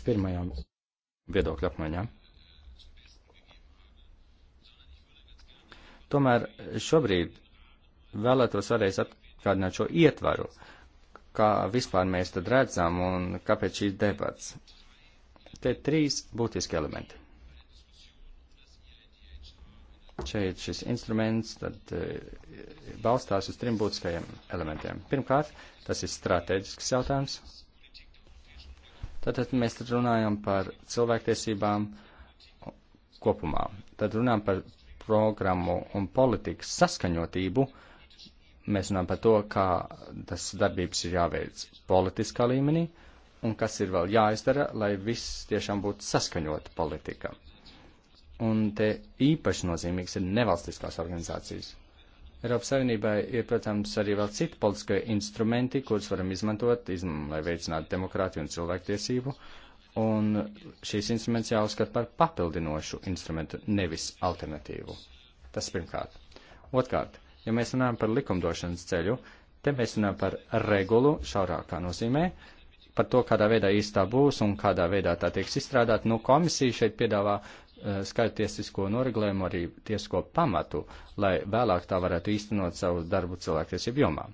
līdz pirmajām viedokļu apmaiņām. Tomēr šobrīd vēlētos vēlreiz atgādināt šo ietvaru, kā vispār mēs tad redzam un kāpēc šīs debats. Te ir trīs būtiski elementi. Šeit šis instruments tad eh, balstās uz trim būtiskajiem elementiem. Pirmkārt, tas ir strateģisks jautājums, Tātad mēs tad runājam par cilvēktiesībām kopumā. Tad runājam par programmu un politikas saskaņotību. Mēs runājam par to, kā tas darbības ir jāveic politiskā līmenī un kas ir vēl jāizdara, lai viss tiešām būtu saskaņota politika. Un te īpaši nozīmīgs ir nevalstiskās organizācijas. Eiropas Savienībai ir, protams, arī vēl citi politiskie instrumenti, kurus varam izmantot, izm lai veicinātu demokrātiju un cilvēktiesību, un šīs instruments jāuzskata par papildinošu instrumentu, nevis alternatīvu. Tas pirmkārt. Otkārt, ja mēs runājam par likumdošanas ceļu, te mēs runājam par regulu šaurākā nozīmē, par to, kādā veidā īstā būs un kādā veidā tā tieks izstrādāt. Nu, komisija šeit piedāvā Eh, skaitu tiesisko noregulējumu, arī tiesisko pamatu, lai vēlāk tā varētu īstenot savu darbu cilvēktiesību jomā.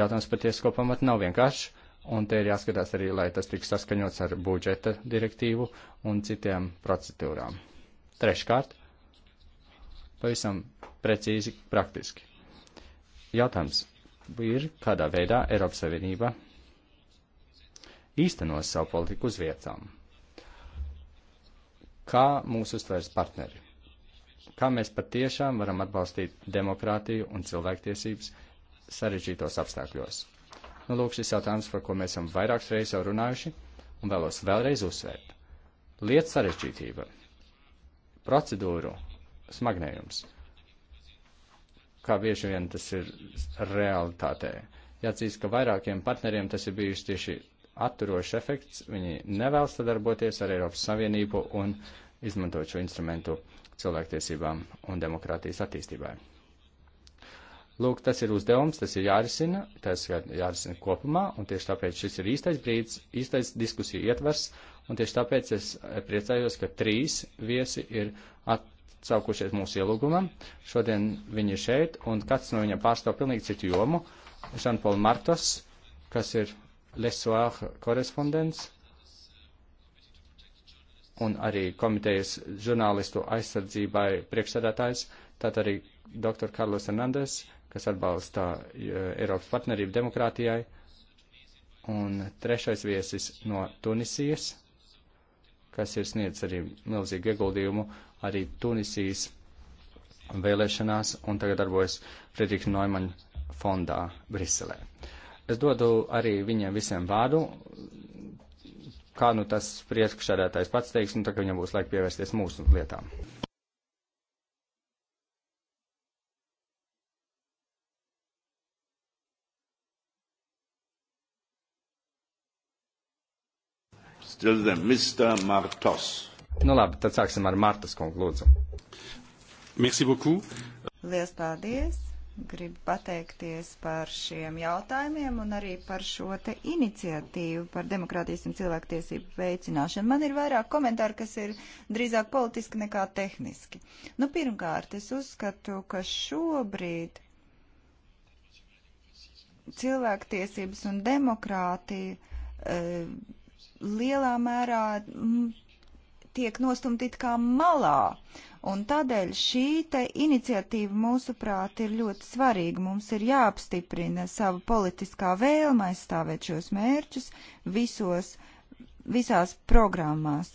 Jautājums par tiesisko pamatu nav vienkāršs, un te ir jāskatās arī, lai tas tiks saskaņots ar budžeta direktīvu un citiem procedūrām. Treškārt, pavisam precīzi, praktiski. Jautājums ir, kādā veidā Eiropas Savienība īstenos savu politiku uz vietām kā mūs uztvērs partneri, kā mēs patiešām varam atbalstīt demokrātiju un cilvēktiesības sarežģītos apstākļos. Nu, lūk, šis jautājums, par ko mēs esam vairākas reizes jau runājuši, un vēlos vēlreiz uzsvērt. Lietu sarežģītība, procedūru smagnējums, kā bieži vien tas ir realitātē. Jāatzīst, ka vairākiem partneriem tas ir bijuši tieši atturošs efekts, viņi nevēlas sadarboties ar Eiropas Savienību un izmantot šo instrumentu cilvēktiesībām un demokrātijas attīstībai. Lūk, tas ir uzdevums, tas ir jārisina, tas ir jārisina kopumā, un tieši tāpēc šis ir īstais brīdis, īstais diskusiju ietvers, un tieši tāpēc es priecājos, ka trīs viesi ir atsaukušies mūsu ielūgumam. Šodien viņi ir šeit, un kāds no viņiem pārstāv pilnīgi citu jomu. Žanpola Martos, kas ir Le Soir korespondents un arī komitejas žurnālistu aizsardzībai priekšsēdētājs, tātad arī dr. Karlos Hernandez, kas atbalsta e, Eiropas partnerību demokrātijai, un trešais viesis no Tunisijas, kas ir sniedz arī milzīgu ieguldījumu arī Tunisijas vēlēšanās un tagad darbojas Friedriča Neumann fondā Briselē. Es dodu arī viņiem visiem vārdu, kā nu tas priekšsēdētājs pats teiks, nu tā kā viņam būs laika pievērsties mūsu lietām. Still then, Mr. Martos. Nu labi, tad sāksim ar Martas kungu, lūdzu. Merci beaucoup. Liels paldies. Gribu pateikties par šiem jautājumiem un arī par šo te iniciatīvu par demokrātijas un cilvēktiesību veicināšanu. Man ir vairāk komentāru, kas ir drīzāk politiski nekā tehniski. Nu, pirmkārt, es uzskatu, ka šobrīd cilvēktiesības un demokrātija e, lielā mērā m, tiek nostumti kā malā. Un tādēļ šī te iniciatīva mūsuprāt ir ļoti svarīga. Mums ir jāapstiprina sava politiskā vēlma aizstāvēt šos mērķus visos, visās programmās.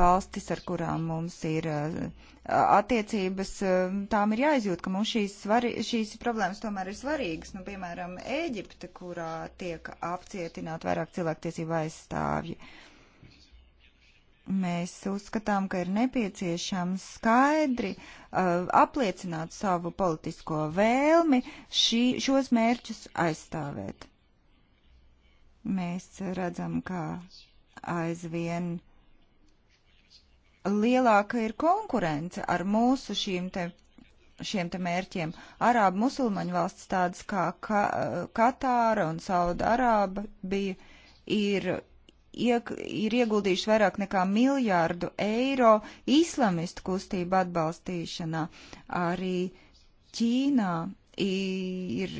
Valstis, ar kurām mums ir attiecības, tām ir jāizjūt, ka mums šīs, svari, šīs problēmas tomēr ir svarīgas. Nu, piemēram, Ēģipte, kurā tiek apcietināti vairāk cilvēktiesību aizstāvji. Uh, Mēs uzskatām, ka ir nepieciešams skaidri uh, apliecināt savu politisko vēlmi šī, šos mērķus aizstāvēt. Mēs redzam, ka aizvien lielāka ir konkurence ar mūsu šīm te šiem te mērķiem. Arābu musulmaņu valsts tādas kā Ka Katāra un Sauda Arāba bija, ir iek, ir ieguldījuši vairāk nekā miljārdu eiro islamistu kustību atbalstīšanā. Arī Ķīnā ir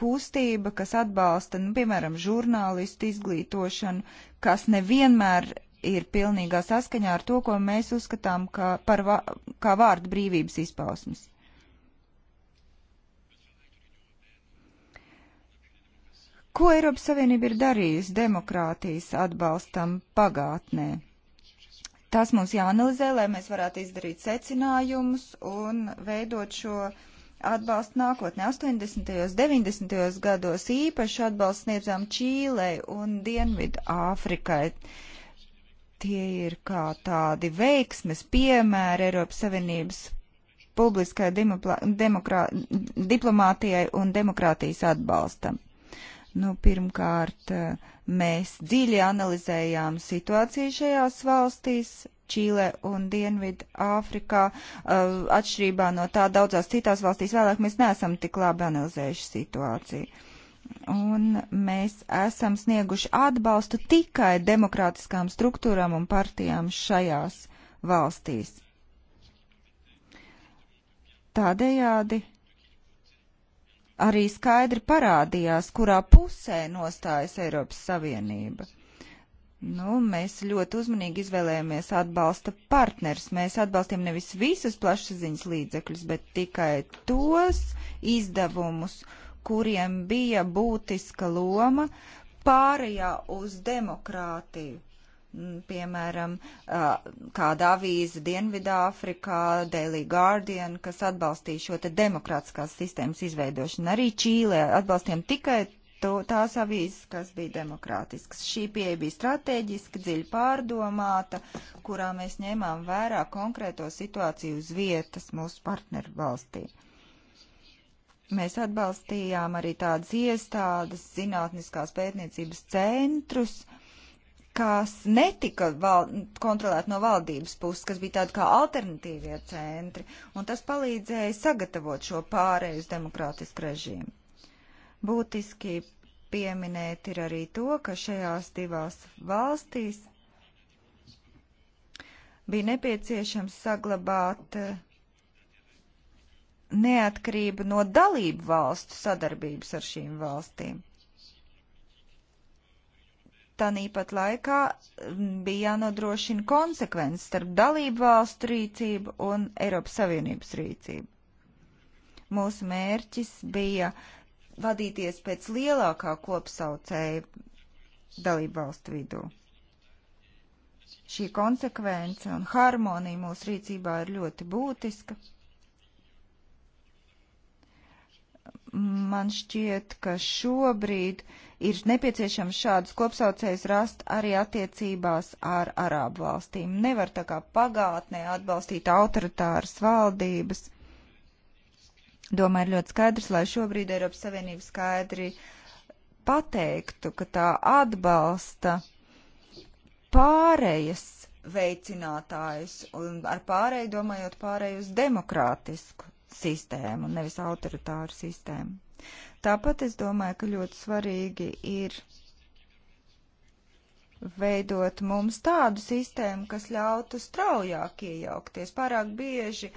kustība, kas atbalsta, nu, piemēram, žurnālistu izglītošanu, kas nevienmēr ir pilnīgā saskaņā ar to, ko mēs uzskatām kā, par, kā vārdu brīvības izpausmes. Ko Eiropas Savienība ir darījusi demokrātijas atbalstam pagātnē? Tas mums jāanalizē, lai mēs varētu izdarīt secinājumus un veidot šo atbalstu nākotnē. 80. un 90. gados īpaši atbalsts sniedzām Čīlei un Dienvidu Āfrikai. Tie ir kā tādi veiksmes piemēri Eiropas Savienības publiskai demokrā, diplomātijai un demokrātijas atbalstam. Nu, pirmkārt, mēs dziļi analizējām situāciju šajās valstīs, Čīlē un Dienvidu Āfrikā. Uh, atšķirībā no tā daudzās citās valstīs vēlāk mēs neesam tik labi analizējuši situāciju. Un mēs esam snieguši atbalstu tikai demokrātiskām struktūrām un partijām šajās valstīs. Tādējādi arī skaidri parādījās, kurā pusē nostājas Eiropas Savienība. Nu, mēs ļoti uzmanīgi izvēlējāmies atbalsta partners. Mēs atbalstījām nevis visus plašsaziņas līdzekļus, bet tikai tos izdevumus, kuriem bija būtiska loma pārējā uz demokrātiju Mm, piemēram, kāda avīze Dienvidāfrikā, Daily Guardian, kas atbalstīja šo te demokrātiskās sistēmas izveidošanu. Arī Čīlē atbalstiem tikai to, tās avīzes, kas bija demokrātiskas. Šī pieeja bija strateģiska, dziļi pārdomāta, kurā mēs ņēmām vērā konkrēto situāciju uz vietas mūsu partneru valstī. Mēs atbalstījām arī tādas iestādes, zinātniskās pētniecības centrus, uh, kas netika val, kontrolēti no valdības puses, kas bija tādi kā alternatīvie centri, un tas palīdzēja sagatavot šo pārēju uz demokrātisku režīmu. Būtiski pieminēt ir arī to, ka šajās divās valstīs bija nepieciešams saglabāt eh, neatkarību no dalību valstu sadarbības ar šīm valstīm. Tāpat laikā bija jānodrošina konsekvence starp dalību valstu rīcību un Eiropas Savienības rīcību. Mūsu mērķis bija vadīties pēc lielākā kopsaucēja dalību valstu vidū. Šī konsekvence un harmonija mūsu rīcībā ir ļoti būtiska. man šķiet, ka šobrīd ir nepieciešams šādus kopsaucējus rast arī attiecībās ar Arābu valstīm. Nevar tā kā pagātnē atbalstīt autoritāras valdības. Domāju, ir ļoti skaidrs, lai šobrīd Eiropas Savienība skaidri pateiktu, ka tā atbalsta pārējas veicinātājus un ar pārēju domājot pārēju uz demokrātisku sistēmu, nevis autoritāru sistēmu. Tāpat es domāju, ka ļoti svarīgi ir veidot mums tādu sistēmu, kas ļautu straujāk iejaukties. Pārāk bieži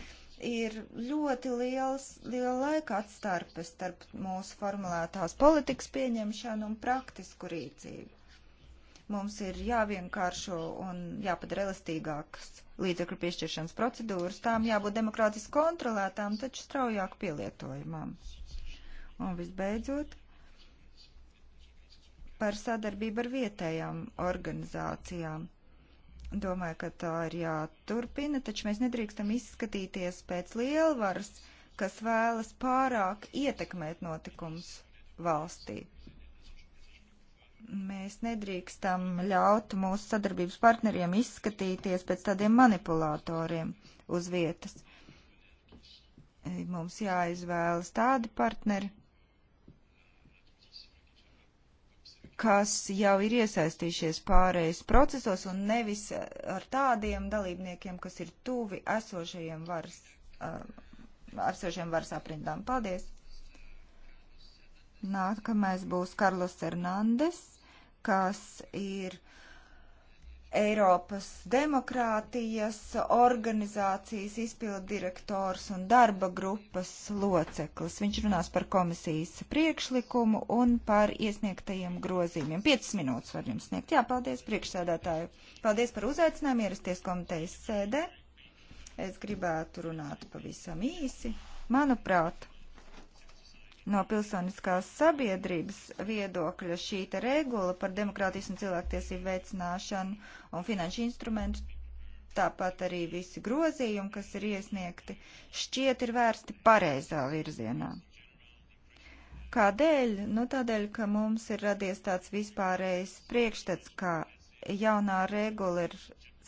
ir ļoti liels, liela laika atstarpe starp mūsu formulētās politikas pieņemšanu un praktisku rīcību. Mums ir jāvienkāršo un jāpadara elastīgākas līdzekļu piešķiršanas procedūras. Tām jābūt demokrātiski kontrolētām, taču straujāk pielietojumām. Un visbeidzot, par sadarbību ar vietējām organizācijām domāju, ka tā ir jāturpina, taču mēs nedrīkstam izskatīties pēc lielvaras, kas vēlas pārāk ietekmēt notikums valstī. Mēs nedrīkstam ļaut mūsu sadarbības partneriem izskatīties pēc tādiem manipulatoriem uz vietas. Mums jāizvēlas tādi partneri, kas jau ir iesaistījušies pārējais procesos un nevis ar tādiem dalībniekiem, kas ir tuvi esošajiem varas, esošajiem varas aprindām. Paldies! Nākamais būs Karlos Fernandes kas ir Eiropas demokrātijas organizācijas izpildirektors un darba grupas loceklis. Viņš runās par komisijas priekšlikumu un par iesniegtajiem grozījumiem. 5 minūtes var jums sniegt. Jā, paldies priekšsēdētāju. Paldies par uzaicinājumu ierasties komitejas sēdē. Es gribētu runāt pavisam īsi. Manuprāt, No pilsoniskās sabiedrības viedokļa šī te regula par demokrātijas un cilvēktiesību veicināšanu un finanšu instrumentu, tāpat arī visi grozījumi, kas ir iesniegti, šķiet ir vērsti pareizā virzienā. Kādēļ? Nu, tādēļ, ka mums ir radies tāds vispārējs priekšstats, ka jaunā regula ir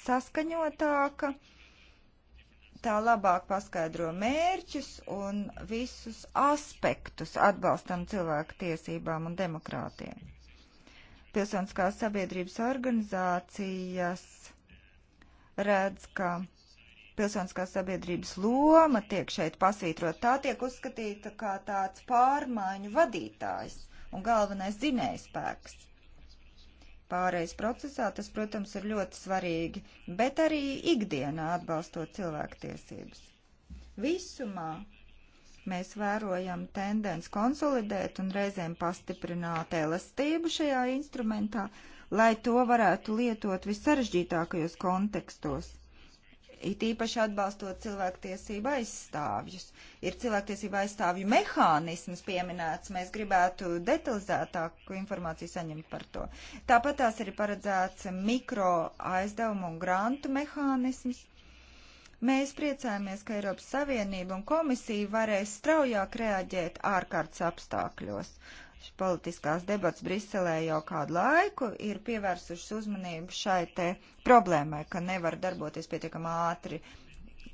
saskaņotāka tā labāk paskaidro mērķus un visus aspektus atbalstam cilvēku tiesībām un demokrātiem. Pilsoniskās sabiedrības organizācijas redz, ka pilsoniskās sabiedrības loma tiek šeit pasvītrot. Tā tiek uzskatīta kā tāds pārmaiņu vadītājs un galvenais zinējspēks pārejas procesā, tas, protams, ir ļoti svarīgi, bet arī ikdienā atbalstot cilvēktiesības. Visumā mēs vērojam tendenci konsolidēt un reizēm pastiprināt elastību šajā instrumentā, lai to varētu lietot vissarežģītākajos kontekstos it īpaši atbalstot cilvēktiesību aizstāvjus. Ir cilvēktiesība aizstāvju mehānisms pieminēts, mēs gribētu detalizētāku informāciju saņemt par to. Tāpat tās ir paredzēts mikro aizdevumu un grantu mehānisms. Mēs priecājamies, ka Eiropas Savienība un komisija varēs straujāk reaģēt ārkārtas apstākļos politiskās debats Briselē jau kādu laiku ir pievērsušas uzmanību šai te problēmai, ka nevar darboties pietiekam ātri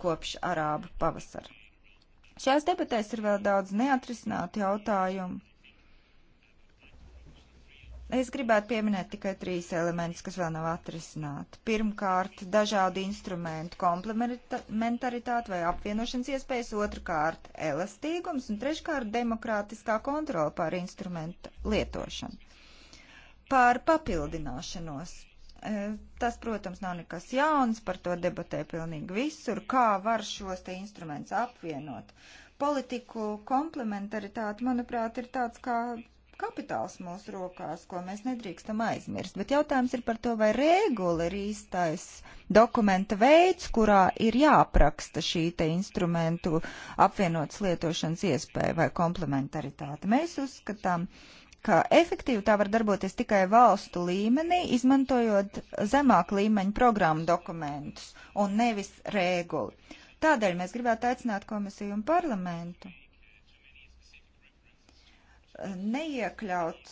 kopš arābu pavasara. Šajās debatēs ir vēl daudz neatrisinātu jautājumu. Es gribētu pieminēt tikai trīs elementus, kas vēl nav atrisināti. Pirmkārt, dažādu instrumentu komplementaritāte vai apvienošanas iespējas, otrkārt, elastīgums un treškārt, demokrātiskā kontrola pār instrumentu lietošanu. Par papildināšanos e, tas, protams, nav nekas jauns, par to debatē pilnīgi visur, kā var šos te instrumentus apvienot. Politiku komplementaritāte, manuprāt, ir tāds kā kapitāls mūsu rokās, ko mēs nedrīkstam aizmirst. Bet jautājums ir par to, vai regula ir īstais dokumenta veids, kurā ir jāapraksta šī te instrumentu apvienotas lietošanas iespēja vai komplementaritāte. Mēs uzskatām, ka efektīvi tā var darboties tikai valstu līmenī, izmantojot zemāk līmeņa programmu dokumentus un nevis regulu. Tādēļ mēs gribētu aicināt komisiju un parlamentu neiekļaut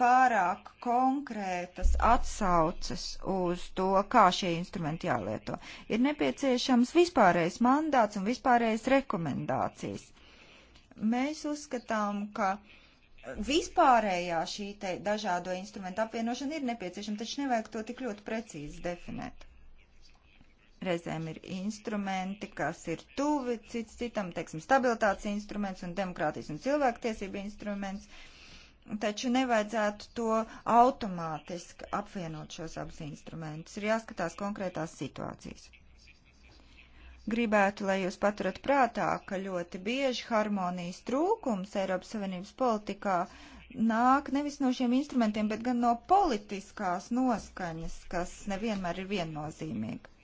pārāk konkrētas atsauces uz to, kā šie instrumenti jālieto. Ir nepieciešams vispārējais mandāts un vispārējais rekomendācijas. Mēs uzskatām, ka vispārējā šī te dažādo instrumentu apvienošana ir nepieciešama, taču nevajag to tik ļoti precīzi definēt. Reizēm ir instrumenti, kas ir tuvi cits citam, teiksim, stabilitātes instruments un demokrātijas un cilvēktiesība instruments, taču nevajadzētu to automātiski apvienot šos abus instrumentus. Ir jāskatās konkrētās situācijas. Gribētu, lai jūs paturat prātā, ka ļoti bieži harmonijas trūkums Eiropas Savienības politikā nāk nevis no šiem instrumentiem, bet gan no politiskās noskaņas, kas nevienmēr ir viennozīmīga.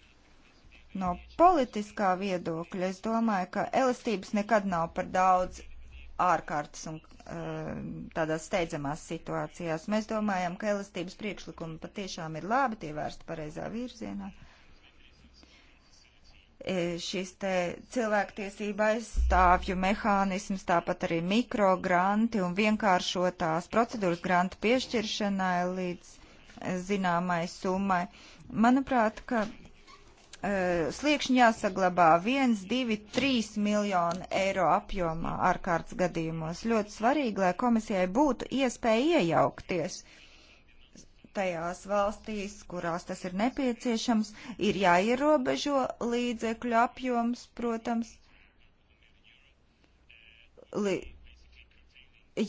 No politiskā viedokļa es domāju, ka elastības nekad nav par daudz ārkārtas un eh, tādās steidzamās situācijās. Mēs domājam, ka elastības priekšlikumi patiešām ir labi, tie vērsti pareizā virzienā. E, šis te cilvēktiesība aizstāvju mehānisms, tāpat arī mikrogranti un vienkāršotās procedūras grantu piešķiršanai līdz e, zināmai summai. Manuprāt, ka Eh, sliekšņi jāsaglabā 1, 2, 3 miljonu eiro apjomā ārkārtas gadījumos. Ļoti svarīgi, lai komisijai būtu iespēja iejaukties tajās valstīs, kurās tas ir nepieciešams, ir jāierobežo līdzekļu apjoms, protams, li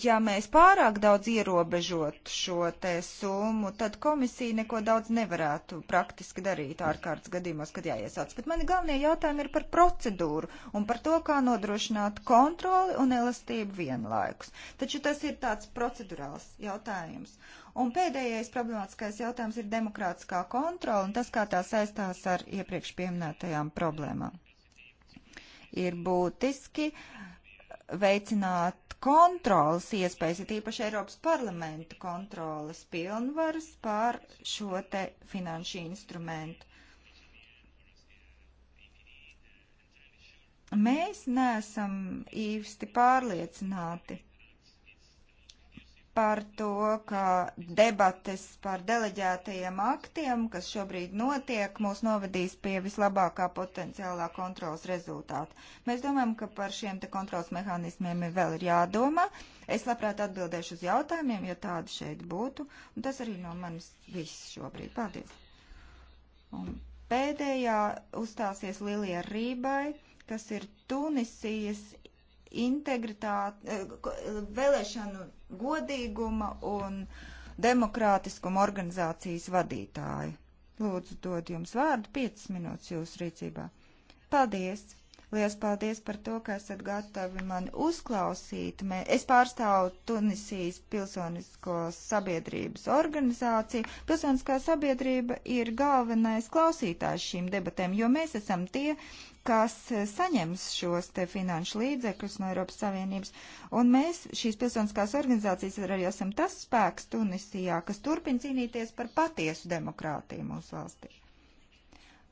ja mēs pārāk daudz ierobežotu šo te summu, tad komisija neko daudz nevarētu praktiski darīt ārkārtas gadījumos, kad jāiesauc. Bet mani galvenie jautājumi ir par procedūru un par to, kā nodrošināt kontroli un elastību vienlaikus. Taču tas ir tāds procedurāls jautājums. Un pēdējais problemātiskais jautājums ir demokrātiskā kontrola un tas, kā tā saistās ar iepriekš pieminētajām problēmām. Ir būtiski. Uh, veicināt kontrolas iespējas, ir īpaši Eiropas parlamenta kontrolas pilnvaras pār šo te finanšu instrumentu. Mēs neesam īsti pārliecināti par to, ka debates par deleģētajiem aktiem, kas šobrīd notiek, mūs novedīs pie vislabākā potenciālā kontrolas rezultāta. Mēs domājam, ka par šiem te kontrolas mehānismiem vēl ir jādomā. Es labprāt atbildēšu uz jautājumiem, ja tādi šeit būtu. Un tas arī no manis viss šobrīd. Paldies! Un pēdējā uzstāsies Lilija Rībai, kas ir Tunisijas integritāte, eh, eh, vēlēšanu godīguma un demokrātiskuma organizācijas vadītāju. Lūdzu, dod jums vārdu 5 minūtes jūsu rīcībā. Paldies! Lielas paldies par to, ka esat gatavi mani uzklausīt. Mē, es pārstāvu Tunisijas pilsonisko sabiedrības organizāciju. Pilsoniskā sabiedrība ir galvenais klausītājs šīm debatēm, jo mēs esam tie, kas eh, saņems šos te finanšu līdzekļus no Eiropas Savienības. Un mēs, šīs pilsoniskās organizācijas, arī esam tas spēks Tunisijā, kas turpin cīnīties par patiesu demokrātiju mūsu valstī.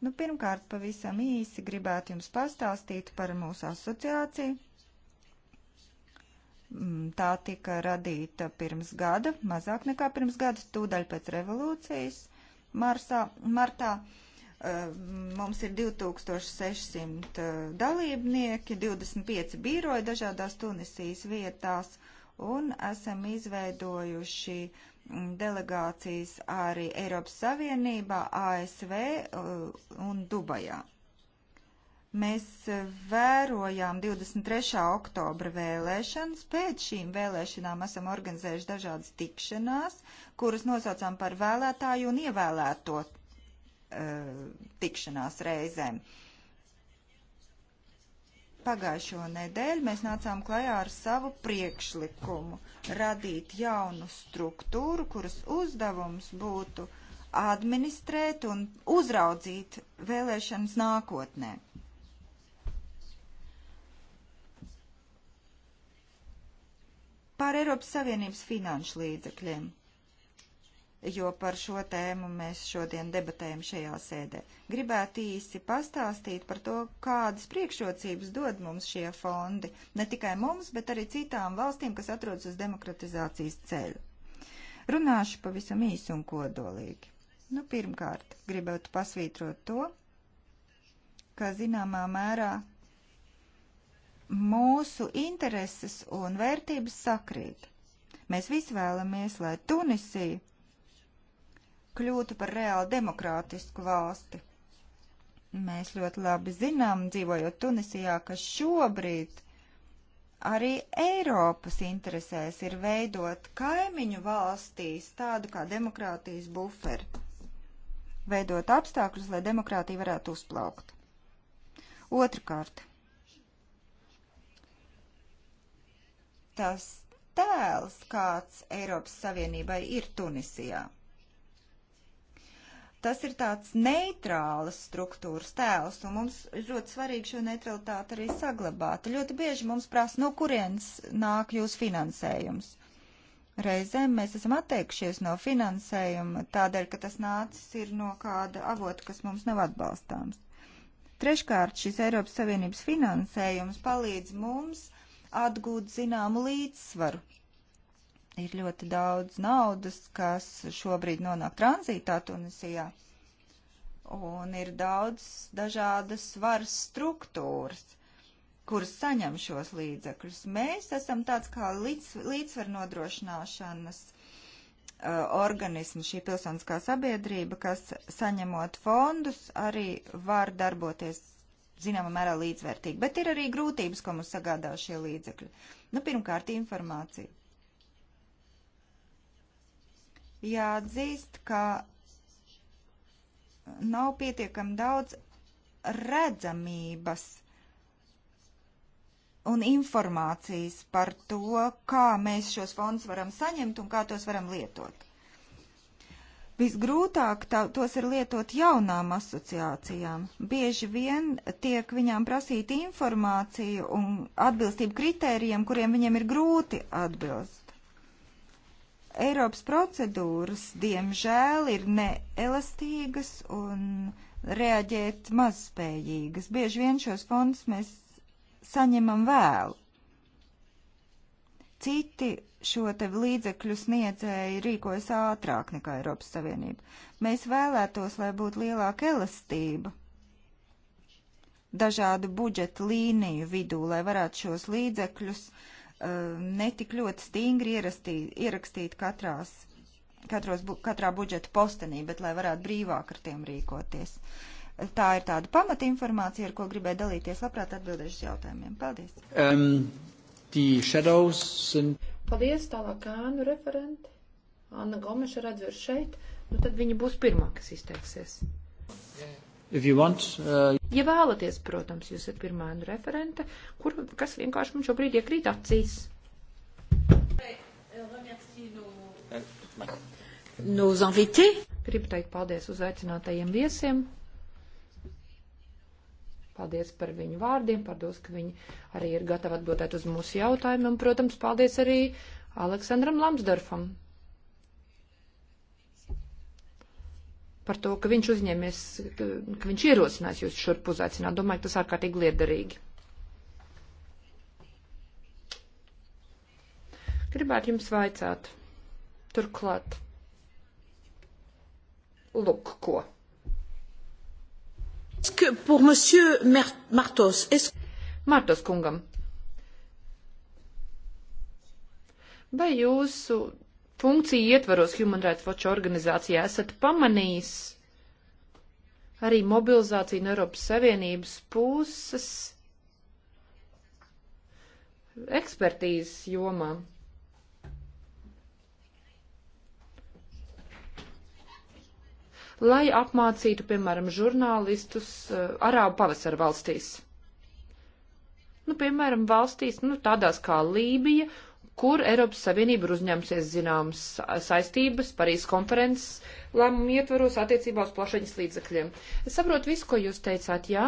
Nu, pirmkārt, pavisam īsi gribētu jums pastāstīt par mūsu asociāciju. Mm, tā tika radīta pirms gada, mazāk nekā pirms gada, tūdaļ pēc revolūcijas, marsā, martā. martā Ehm, mums ir 2600 eh, dalībnieki, 25 biroji dažādās Tunisijas vietās un esam izveidojuši mm, delegācijas arī Eiropas Savienībā, ASV eh, un Dubajā. Mēs eh, vērojām 23. oktobra vēlēšanas. Pēc šīm vēlēšanām esam organizējuši dažādas tikšanās, kuras nosaucām par vēlētāju un ievēlēto Eh, tikšanās reizēm. Pagājušo nedēļu mēs nācām klajā ar savu priekšlikumu radīt jaunu struktūru, kuras uzdevums būtu administrēt un uzraudzīt vēlēšanas nākotnē. Pār Eiropas Savienības finanšu līdzekļiem jo par šo tēmu mēs šodien debatējam šajā sēdē. Gribētu īsi pastāstīt par to, kādas priekšrocības dod mums šie fondi, ne tikai mums, bet arī citām valstīm, kas atrodas uz demokratizācijas ceļa. Runāšu pavisam īsi un kodolīgi. Nu, pirmkārt, gribētu pasvītrot to, ka zināmā mērā mūsu intereses un vērtības sakrīt. Mēs visi vēlamies, lai Tunisija kļūtu par reāli demokrātisku valsti. Mēs ļoti labi zinām, dzīvojot Tunisijā, ka šobrīd arī Eiropas interesēs ir veidot kaimiņu valstīs tādu kā demokrātijas buferi, veidot apstākļus, lai demokrātija varētu uzplaukt. Otrakārt, tas tēls, kāds Eiropas Savienībai ir Tunisijā tas ir tāds neitrāls struktūras tēls, un mums ļoti svarīgi šo neutralitāti arī saglabāt. Ļoti bieži mums prasa, no kurienes nāk jūsu finansējums. Reizēm mēs esam atteikšies no finansējuma tādēļ, ka tas nācis ir no kāda avota, kas mums nav atbalstāms. Treškārt, šis Eiropas Savienības finansējums palīdz mums atgūt zināmu līdzsvaru Ir ļoti daudz naudas, kas šobrīd nonāk tranzītā Tunisijā. Un ir daudz dažādas varas struktūras, kuras saņem šos līdzekļus. Mēs esam tāds kā līdz, līdzsver nodrošināšanas uh, organismu, šī pilsoniskā sabiedrība, kas saņemot fondus, arī var darboties zināmā mērā līdzvērtīgi. Bet ir arī grūtības, ko mums sagādā šie līdzekļi. Nu, pirmkārt, informācija. Jāatzīst, ka nav pietiekami daudz redzamības un informācijas par to, kā mēs šos fondus varam saņemt un kā tos varam lietot. Visgrūtāk tā, tos ir lietot jaunām asociācijām. Bieži vien tiek viņām prasīta informācija un atbilstība kritērijiem, kuriem viņiem ir grūti atbilst. Eiropas procedūras, diemžēl, ir neelastīgas un reaģēt mazspējīgas. Bieži vien šos fondus mēs saņemam vēlu. Citi šo te līdzekļu sniedzēji rīkojas ātrāk nekā Eiropas Savienība. Mēs vēlētos, lai būtu lielāka elastība dažādu budžeta līniju vidū, lai varētu šos līdzekļus uh, Eh, netik ļoti stingri ierastī, ierakstīt katrās, katros, katrā budžeta postenī, bet lai varētu brīvāk ar tiem rīkoties. Tā ir tāda pamatinformācija, ar ko gribēju dalīties. Labprāt atbildēšu jautājumiem. Paldies. Um, and... Paldies, tālāk ānu referenti. Anna Gomeša redz ir šeit, nu tad viņa būs pirmā, kas izteiksies. Yeah. Want, uh... Ja vēlaties, protams, jūs esat pirmā referente, kur, kas vienkārši mums šobrīd iekrīt acīs. Nos invités. Gribu teikt paldies uzaicinātajiem viesiem. Paldies par viņu vārdiem, paldies, ka viņi arī ir gatavi atbildēt uz mūsu jautājumiem. Protams, paldies arī Aleksandram Lamsdorfam par to, ka viņš uzņēmies, ka, ka viņš ierosinās jūs šurp uzaicināt. Domāju, ka tas ārkārtīgi liederīgi. Gribētu jums vaicāt. Turklāt. Lūk, ko. Martos, es... Martos kungam. Vai jūsu funkciju ietvaros Human Rights Watch organizācijā esat pamanījis arī mobilizāciju no Eiropas Savienības puses ekspertīzes jomā. Lai apmācītu, piemēram, žurnālistus uh, Arābu pavasara valstīs. Nu, piemēram, valstīs, nu, tādās kā Lībija kur Eiropas Savienība ir uzņēmusies zināmas saistības Parīzes konferences lēmumu ietvaros attiecībā uz plašaņas līdzakļiem. Es saprotu visu, ko jūs teicāt, jā.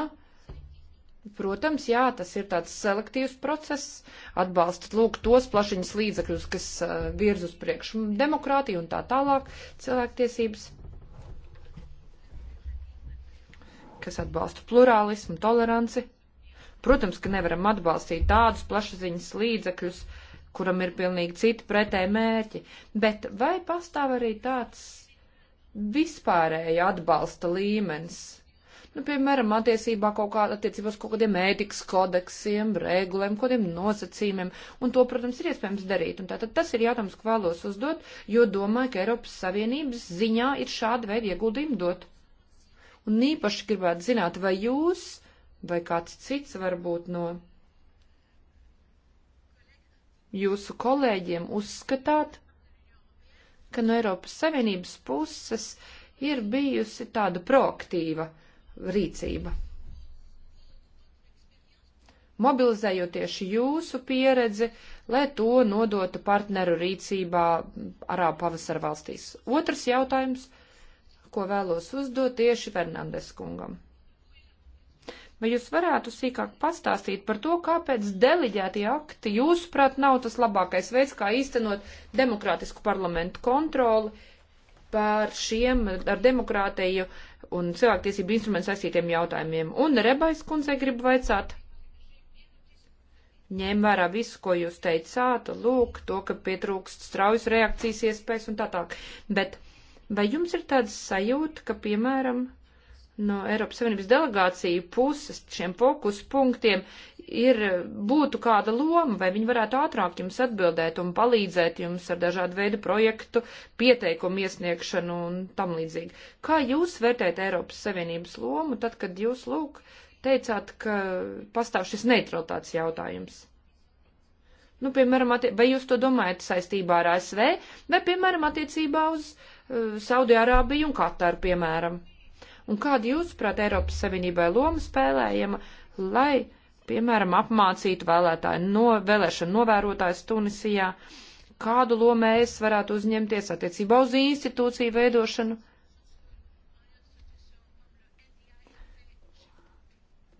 Protams, jā, tas ir tāds selektīvs process, atbalstat lūk tos plašiņas līdzakļus, kas uh, virz uz priekšu demokrātiju un tā tālāk cilvēktiesības, kas atbalsta plurālismu, toleranci. Protams, ka nevaram atbalstīt tādus plašaziņas līdzakļus, uh, kuram ir pilnīgi citi pretēji mērķi, bet vai pastāv arī tāds vispārēja atbalsta līmenis? Nu, piemēram, attiecībā kaut kā, attiecībās kaut kādiem ētikas kodeksiem, regulēm, kādiem nosacījumiem, un to, protams, ir iespējams darīt. Un tātad tas ir jautājums, ko vēlos uzdot, jo domāju, ka Eiropas Savienības ziņā ir šāda veida ieguldījumi dot. Un īpaši gribētu zināt, vai jūs, vai kāds cits varbūt no jūsu kolēģiem uzskatāt, ka no Eiropas Savienības puses ir bijusi tāda proaktīva rīcība. Mobilizējoties jūsu pieredzi, lai to nodotu partneru rīcībā Arābu pavasara valstīs. Otrs jautājums, ko vēlos uzdot tieši Fernandes kungam. Vai jūs varētu sīkāk pastāstīt par to, kāpēc deliģētie akti, jūsuprāt, nav tas labākais veids, kā īstenot demokrātisku parlamentu kontroli pār šiem ar demokrātiju un cilvēktiesību instrumentu saistītiem jautājumiem? Un Rebais kundze grib vaicāt. Ņēm vērā visu, ko jūs teicāt, lūk, to, ka pietrūkst straujas reakcijas iespējas un tā tālāk. Bet vai jums ir tāds sajūta, ka, piemēram, no Eiropas Savienības delegāciju puses šiem fokus punktiem ir, būtu kāda loma, vai viņi varētu ātrāk jums atbildēt un palīdzēt jums ar dažādu veidu projektu, pieteikumu iesniegšanu un tam līdzīgi. Kā jūs vērtējat Eiropas Savienības lomu tad, kad jūs, lūk, teicāt, ka pastāv šis neutralitātes jautājums? Nu, piemēram, vai jūs to domājat saistībā ar ASV, vai, piemēram, attiecībā uz uh, Saudi-Arābiju un Kataru, piemēram? Un kāda, jūsuprāt, Eiropas Savienībai loma spēlējama, lai, piemēram, apmācītu vēlētāju no vēlēšanu novērotājs Tunisijā, kādu lomu es varētu uzņemties attiecībā uz institūciju veidošanu?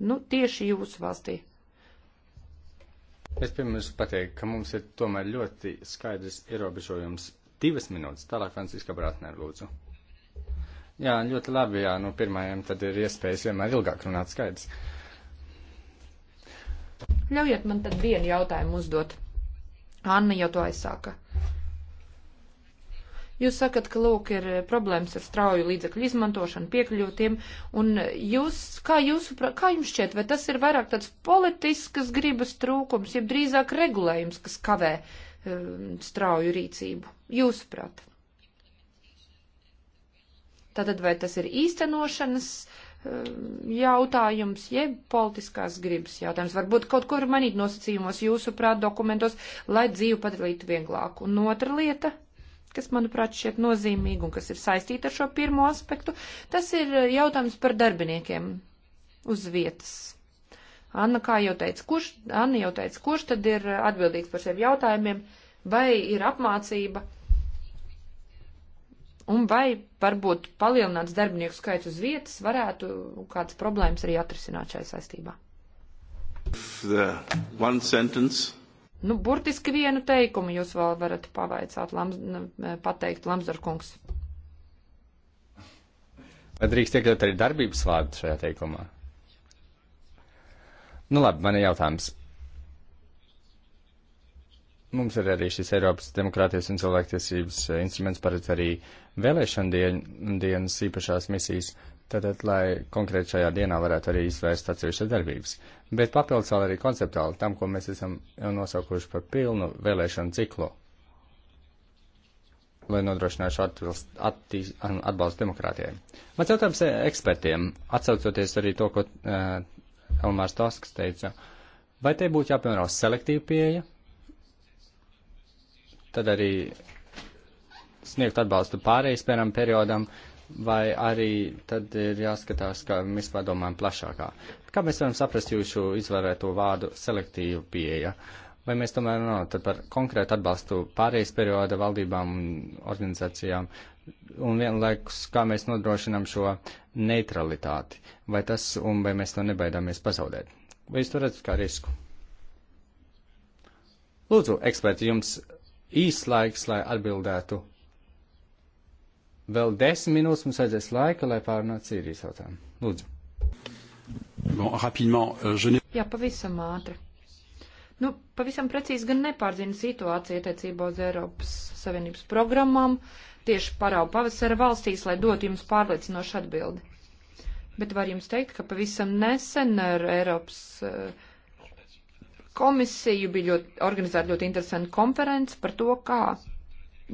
Nu, tieši jūsu valstī. Es pirms pateiktu, ka mums ir tomēr ļoti skaidrs ierobežojums divas minūtes. Tālāk Franciska Brātnē, lūdzu. Jā, ļoti labi, jā, nu pirmajam tad ir iespējas vienmēr ilgāk runāt skaidrs. Ļaujiet man tad vienu jautājumu uzdot. Anna jau to aizsāka. Jūs sakat, ka lūk ir problēmas ar strauju līdzekļu izmantošanu, piekļūtiem, un jūs, kā, jūsu, kā jums šķiet, vai tas ir vairāk tāds politiskas gribas trūkums, jeb drīzāk regulējums, kas kavē um, strauju rīcību? Jūsuprāt. Tātad vai tas ir īstenošanas eh, jautājums, jeb politiskās gribas jautājums? Varbūt kaut kur manīt nosacījumos jūsuprāt dokumentos, lai dzīvi padarītu vieglāku. Un otra lieta kas, manuprāt, šķiet nozīmīgi un kas ir saistīta ar šo pirmo aspektu, tas ir eh, jautājums par darbiniekiem uz vietas. Anna, kā jau teica, kurš, Anna jau teica, kurš tad ir eh, atbildīgs par šiem jautājumiem, vai ir apmācība Un vai varbūt palielināts darbinieku skaits uz vietas varētu kādas problēmas arī atrisināt šai saistībā? Nu, burtiski vienu teikumu jūs vēl varat pavaicāt, Lams, nu, eh, pateikt, Lamsdorkungs. Vai drīkst iekļaut arī darbības vārdu šajā teikumā? Nu labi, man ir jautājums. Mums ir arī šis Eiropas demokrātijas un cilvēktiesības instruments paredz arī vēlēšana dien, dienas īpašās misijas, tātad, lai konkrēti šajā dienā varētu arī izvērst atsevišķas darbības. Bet papildus vēl arī konceptuāli tam, ko mēs esam jau nosaukuši par pilnu vēlēšanu ciklu, lai nodrošinātu atbilst, atti, atbalstu demokrātiem. Mans jautājums ekspertiem, atsaucoties arī to, ko uh, Elmārs Tosks teica, vai te būtu jāpiemēro selektīva pieeja? tad arī sniegt atbalstu pārējais pēram periodam, vai arī tad ir jāskatās, ka mēs padomājam plašākā. Kā mēs varam saprast jūsu izvarēto vārdu selektīvu pieeja? Vai mēs tomēr no, tad par konkrētu atbalstu pārējais perioda valdībām un organizācijām un vienlaikus, kā mēs nodrošinām šo neutralitāti? Vai tas, un vai mēs to nebaidāmies pazaudēt? Vai jūs to redzat kā risku? Lūdzu, eksperti, jums īs laiks, lai atbildētu. Vēl desmit minūtes mums vajadzēs laika, lai pārunātu Sīrijas jautājumu. Lūdzu. Bon, rapidement, euh, je ne... Jā, pavisam ātri. Nu, pavisam precīzi gan nepārzina situāciju attiecībā uz Eiropas Savienības programmām, tieši parau pavasara valstīs, lai dotu jums pārliecinošu atbildi. Bet var jums teikt, ka pavisam nesen ar Eiropas uh, komisiju bija ļoti, organizēta ļoti interesanta konference par to, kā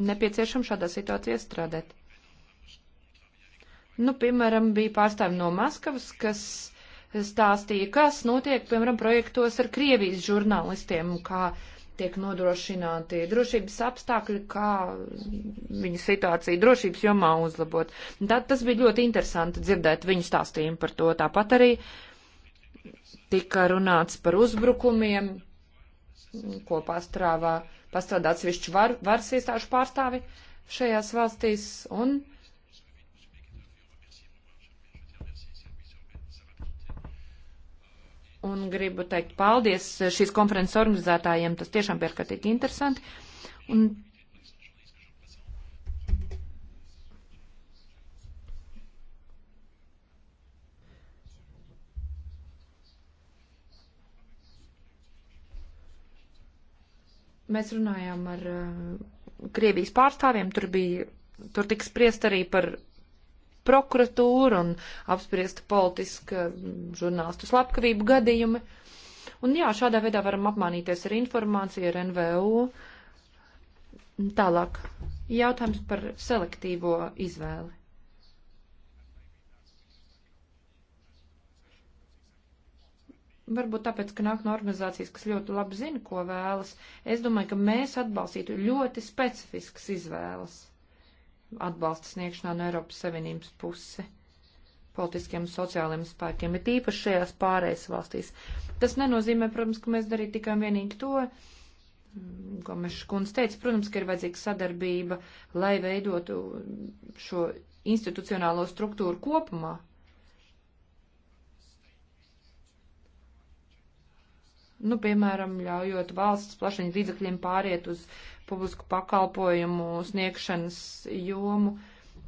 nepieciešams šādā situācijā strādāt. Nu, piemēram, bija pārstāvi no Maskavas, kas stāstīja, kas notiek, piemēram, projektos ar Krievijas žurnālistiem, kā tiek nodrošināti drošības apstākļi, kā viņu situācija drošības jomā uzlabot. Tad tas bija ļoti interesanti dzirdēt viņu stāstījumu par to. Tāpat arī uh, tika runāts par uzbrukumiem, ko pastrāvā, pastrādā atsevišķu var, varas iestāžu pārstāvi šajās valstīs, un Un gribu teikt paldies šīs konferences organizētājiem, tas tiešām bija ārkārtīgi interesanti. Un Mēs runājām ar eh, Krievijas pārstāvjiem, tur bija, tur tika spriest arī par prokuratūru un apspriesta politiska mm, žurnālistu slepkavību gadījumi. Un jā, šādā veidā varam apmainīties ar informāciju, ar NVU. Tālāk. Jautājums par selektīvo izvēli. varbūt tāpēc, ka nāk no organizācijas, kas ļoti labi zina, ko vēlas, es domāju, ka mēs atbalstītu ļoti specifiskas izvēles atbalsta sniegšanā no Eiropas Savienības pusi politiskiem un sociāliem spēkiem, ir īpaši šajās pārējais valstīs. Tas nenozīmē, protams, ka mēs darītu tikai un vienīgi to, ko mēs škundz teica, protams, ka ir vajadzīga sadarbība, lai veidotu šo institucionālo struktūru kopumā, nu, piemēram, ļaujot valsts plašiņu līdzakļiem pāriet uz publisku pakalpojumu sniegšanas jomu.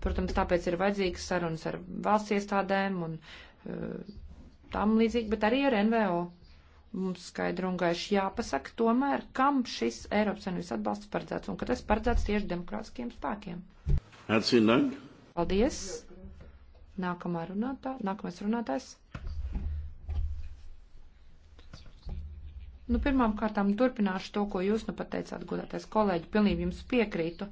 Protams, tāpēc ir vajadzīgs sarunas ar valsts iestādēm un uh, tam līdzīgi, bet arī ar NVO. Mums skaidri un gaiši jāpasaka tomēr, kam šis Eiropas Savienības atbalsts paredzēts un ka tas paredzēts tieši demokrātiskiem spēkiem. Paldies! Nākamā runātā, nākamais runātājs. Nu, pirmām kārtām turpināšu to, ko jūs nu pateicāt, godātais kolēģi, pilnīgi jums piekrītu,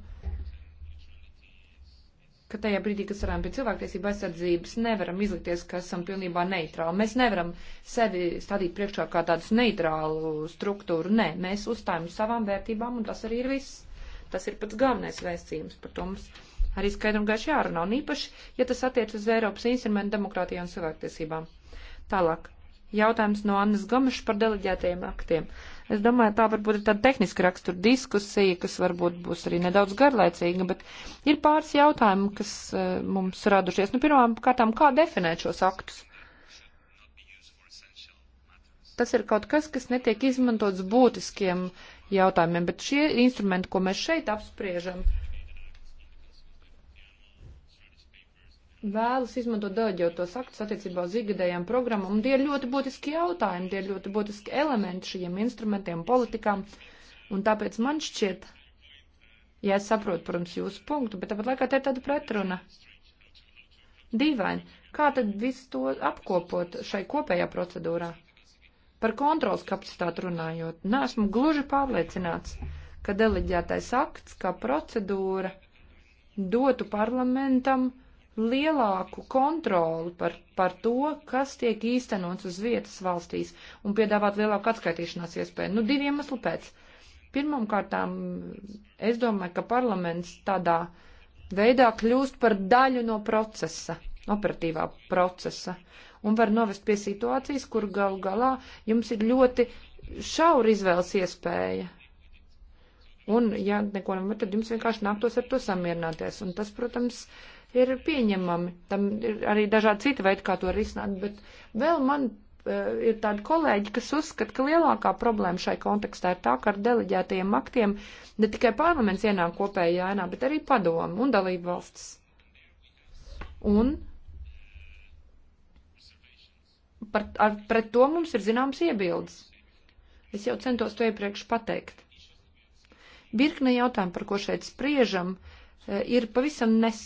ka tajā brīdī, kad sarām pie cilvēktiesība aizsardzības, nevaram izlikties, ka esam pilnībā neitrāli. Mēs nevaram sevi stādīt priekšā kā tādus neitrālu struktūru. Nē, mēs uzstājam savām vērtībām, un tas arī ir viss. Tas ir pats galvenais vēstījums par to mums arī skaidru un gaišu jārunā, un īpaši, ja tas attiec uz Eiropas instrumentu demokrātijā un cilvēktiesībām. Tālāk jautājums no Annas Gomešas par deleģētajiem aktiem. Es domāju, tā varbūt ir tāda tehniska rakstura diskusija, kas varbūt būs arī nedaudz garlaicīga, bet ir pāris jautājumu, kas eh, mums radušies. Nu, pirmām kārtām, kā definēt šos aktus? Tas ir kaut kas, kas netiek izmantots būtiskiem jautājumiem, bet šie instrumenti, ko mēs šeit apspriežam, uh, vēlas izmantot deleģētos aktus attiecībā uz ikgadējām programmām, un tie ir ļoti būtiski jautājumi, tie ir ļoti būtiski elementi šiem instrumentiem, politikām, un tāpēc man šķiet, ja es saprotu, protams, jūsu punktu, bet tāpat laikā te tā ir tāda pretruna. Dīvaini, kā tad visu to apkopot šai kopējā procedūrā? Par kontrols kapacitātu runājot, neesmu gluži pārliecināts, ka deleģētais akts kā procedūra dotu parlamentam lielāku kontroli par, par to, kas tiek īstenots uz vietas valstīs un piedāvāt lielāku atskaitīšanās iespēju. Nu, diviem maslu pēc. Pirmam kārtām, es domāju, ka parlaments tādā veidā kļūst par daļu no procesa, operatīvā procesa, un var novest pie situācijas, kur galu galā jums ir ļoti šaura izvēles iespēja. Un, ja neko nevar, tad jums vienkārši nāktos ar to samierināties. Un tas, protams, uh, ir pieņemami. Tam ir arī dažādi citi veidi, kā to risināt, bet vēl man eh, ir tādi kolēģi, kas uzskata, ka lielākā problēma šai kontekstā ir tā, ka ar deleģētajiem aktiem ne tikai parlaments ienāk kopējā ainā, bet arī padomu un dalību valstis. Un par, ar, pret to mums ir zināms iebildes. Es jau centos to iepriekš pateikt. Virkne jautājumu, par ko šeit spriežam, uh, ir pavisam nes,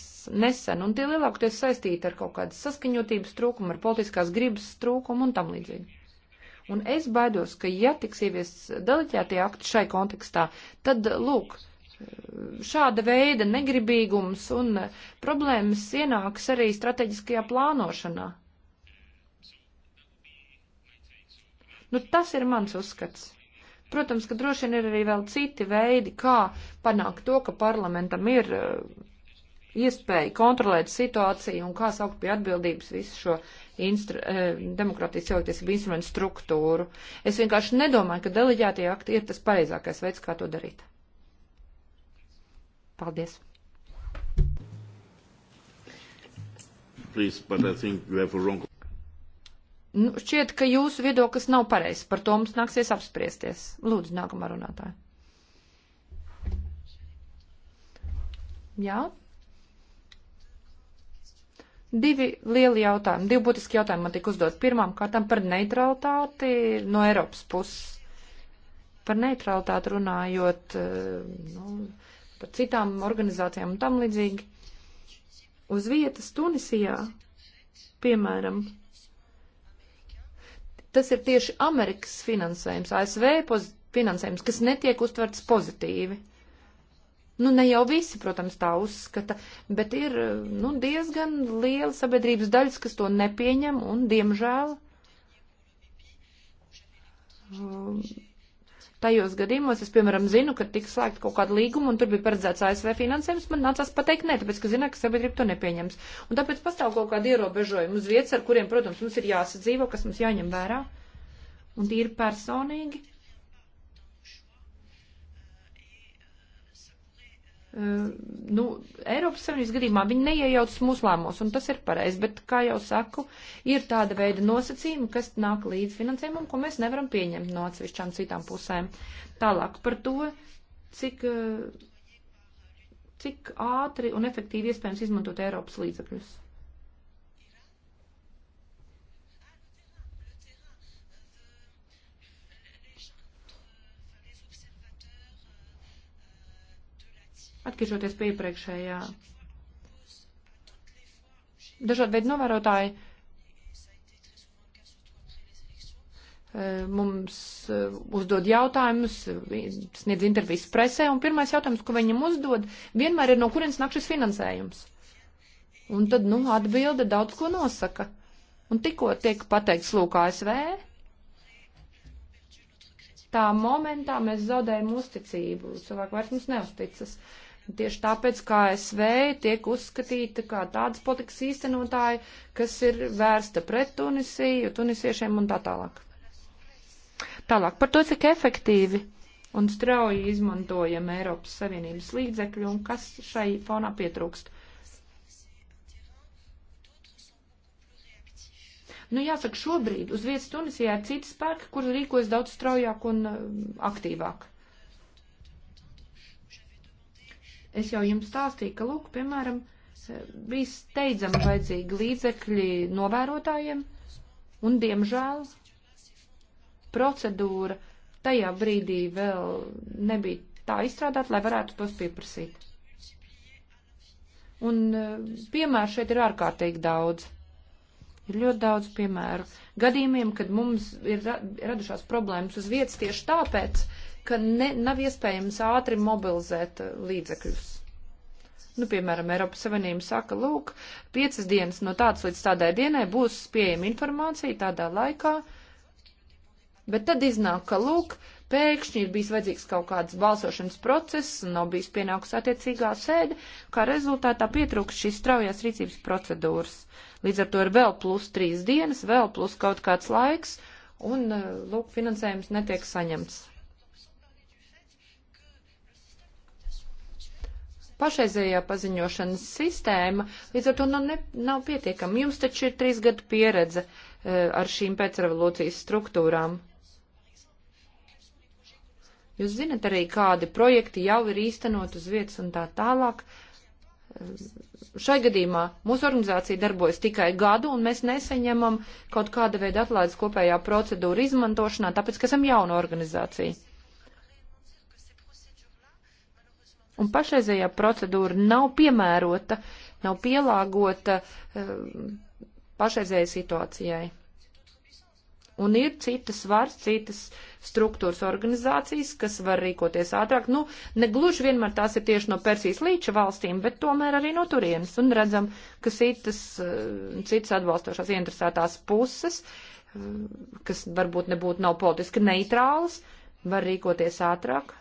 nesen, un tie lielākoties saistīti ar kaut kādas saskaņotības trūkumu, ar politiskās gribas trūkumu un tam līdzīgi. Un es baidos, ka ja tiks ieviests deleģētie akti šai kontekstā, tad, lūk, šāda veida negribīgums un problēmas ienāks arī strateģiskajā plānošanā. Nu, tas ir mans uzskats. Protams, ka droši vien ir arī vēl citi veidi, kā panākt to, ka parlamentam ir eh, iespēja kontrolēt situāciju un kā saukt pie atbildības visu šo instru, eh, demokrātijas cilvēktiesību instrumentu struktūru. Es vienkārši nedomāju, ka deleģētie akti ir tas pareizākais veids, kā to darīt. Paldies! Please, but I think you have a wrong Nu, šķiet, ka jūsu viedoklis nav pareizs. Par to mums nāksies apspriesties. Lūdzu, nākamā runātāja. Jā. Divi lieli jautājumi, divi būtiski jautājumi man tika uzdot. Pirmām kārtām par neutralitāti no Eiropas puses. Par neutralitāti runājot, eh, nu, par citām organizācijām un tam līdzīgi. Uz vietas Tunisijā, piemēram, tas ir tieši Amerikas finansējums, ASV finansējums, kas netiek uztverts pozitīvi. Nu, ne jau visi, protams, tā uzskata, bet ir nu, diezgan liela sabiedrības daļas, kas to nepieņem un, diemžēl, um, Tajos gadījumos es, piemēram, zinu, ka tika slēgta kaut kāda līguma un tur bija paredzēts ASV finansējums, man nācās pateikt nē, tāpēc, ka zināju, ka sabiedrība to nepieņems. Un tāpēc pastāv kaut kādi ierobežojumi uz vietas, ar kuriem, protams, mums ir jāsadzīvo, kas mums jāņem vērā. Un tīri personīgi Eh, nu, Eiropas Savienības gadījumā viņi neiejaucas mūsu lēmos, un tas ir pareizi, bet, kā jau saku, ir tāda veida nosacījumi, kas nāk līdz finansējumam, ko mēs nevaram pieņemt no atsevišķām citām pusēm. Tālāk par to, cik, eh, cik ātri un efektīvi iespējams izmantot Eiropas līdzekļus. Atgriežoties pie iepriekšējā. Dažādi veidi novērotāji eh, mums eh, uzdod jautājumus, sniedz intervijas presē, un pirmais jautājums, ko viņam uzdod, vienmēr ir, no kurienes nāk šis finansējums. Un tad, nu, atbilde daudz ko nosaka. Un tikko tiek pateikts, lūk, ASV, tā momentā mēs zaudējam uzticību. Cilvēki vairs mums neusticas. Uh, Tieši tāpēc KSV tiek uzskatīta kā tādas politikas īstenotāja, kas ir vērsta pret Tunisiju, tunisiešiem un tā tālāk. Tālāk par to, cik efektīvi un strauji izmantojam Eiropas Savienības līdzekļu un kas šai fonā pietrūkst. Nu, jāsaka, šobrīd uz vietas Tunisijā ir citi spēki, kuri rīkojas daudz straujāk un um, aktīvāk. Es jau jums stāstīju, ka, lūk, piemēram, bija steidzami vajadzīgi līdzekļi novērotājiem, un, diemžēl, procedūra tajā brīdī vēl nebija tā izstrādāta, lai varētu tos pieprasīt. Un eh, piemēru šeit ir ārkārtīgi daudz. Ir ļoti daudz piemēru gadījumiem, kad mums ir radušās problēmas uz vietas tieši tāpēc, uh, ka ne, nav iespējams ātri mobilizēt uh, līdzekļus. Nu, piemēram, Eiropas Savienība saka, lūk, piecas dienas no tādas līdz tādai dienai būs pieejama informācija tādā laikā, bet tad iznāk, ka, lūk, pēkšņi ir bijis vajadzīgs kaut kāds balsošanas process, nav bijis pienākus attiecīgā sēde, kā rezultātā pietrūks šīs straujās rīcības procedūras. Līdz ar to ir vēl plus trīs dienas, vēl plus kaut kāds laiks, un, uh, lūk, finansējums netiek saņemts. pašreizējā paziņošanas sistēma, līdz ar to nav, nu, ne, nav pietiekama. Jums taču ir trīs gadu pieredze e, ar šīm pēcrevolūcijas struktūrām. Jūs zinat arī, kādi projekti jau ir īstenot uz vietas un tā tālāk. E, šai gadījumā mūsu organizācija darbojas tikai gadu, un mēs nesaņemam kaut kāda veida atlaides kopējā procedūra izmantošanā, tāpēc, ka esam jauna organizācija. Un pašreizējā procedūra nav piemērota, nav pielāgota ehm, pašreizējai situācijai. Un ir citas varas, citas struktūras organizācijas, kas var rīkoties ātrāk. Nu, negluži vienmēr tās ir tieši no Persijas līča valstīm, bet tomēr arī no turienes. Un redzam, ka citas, ehm, citas atbalstošās interesētās puses, ehm, kas varbūt nebūtu nav politiski neitrālas, var rīkoties ātrāk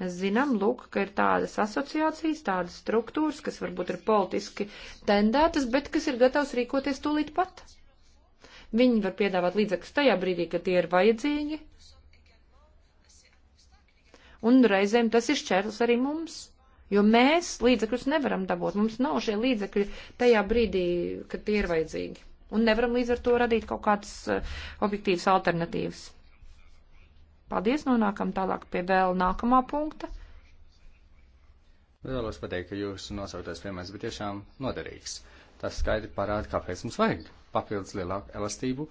Mēs zinām, lūk, ka ir tādas asociācijas, tādas struktūras, kas varbūt ir politiski tendētas, bet kas ir gatavs rīkoties tūlīt pat. Viņi var piedāvāt līdzekļus tajā brīdī, kad tie ir vajadzīgi. Un reizēm tas ir šķērslis arī mums, jo mēs līdzekļus nevaram dabūt. Mums nav šie līdzekļi tajā brīdī, kad tie ir vajadzīgi. Un nevaram līdz ar to radīt kaut kādas eh, objektīvas alternatīvas. Paldies, nonākam tālāk pie vēl nākamā punkta. Vēlos pateikt, ka jūsu nosauktais piemērs bija tiešām noderīgs. Tas skaidri parāda, kāpēc mums vajag papildus lielāku elastību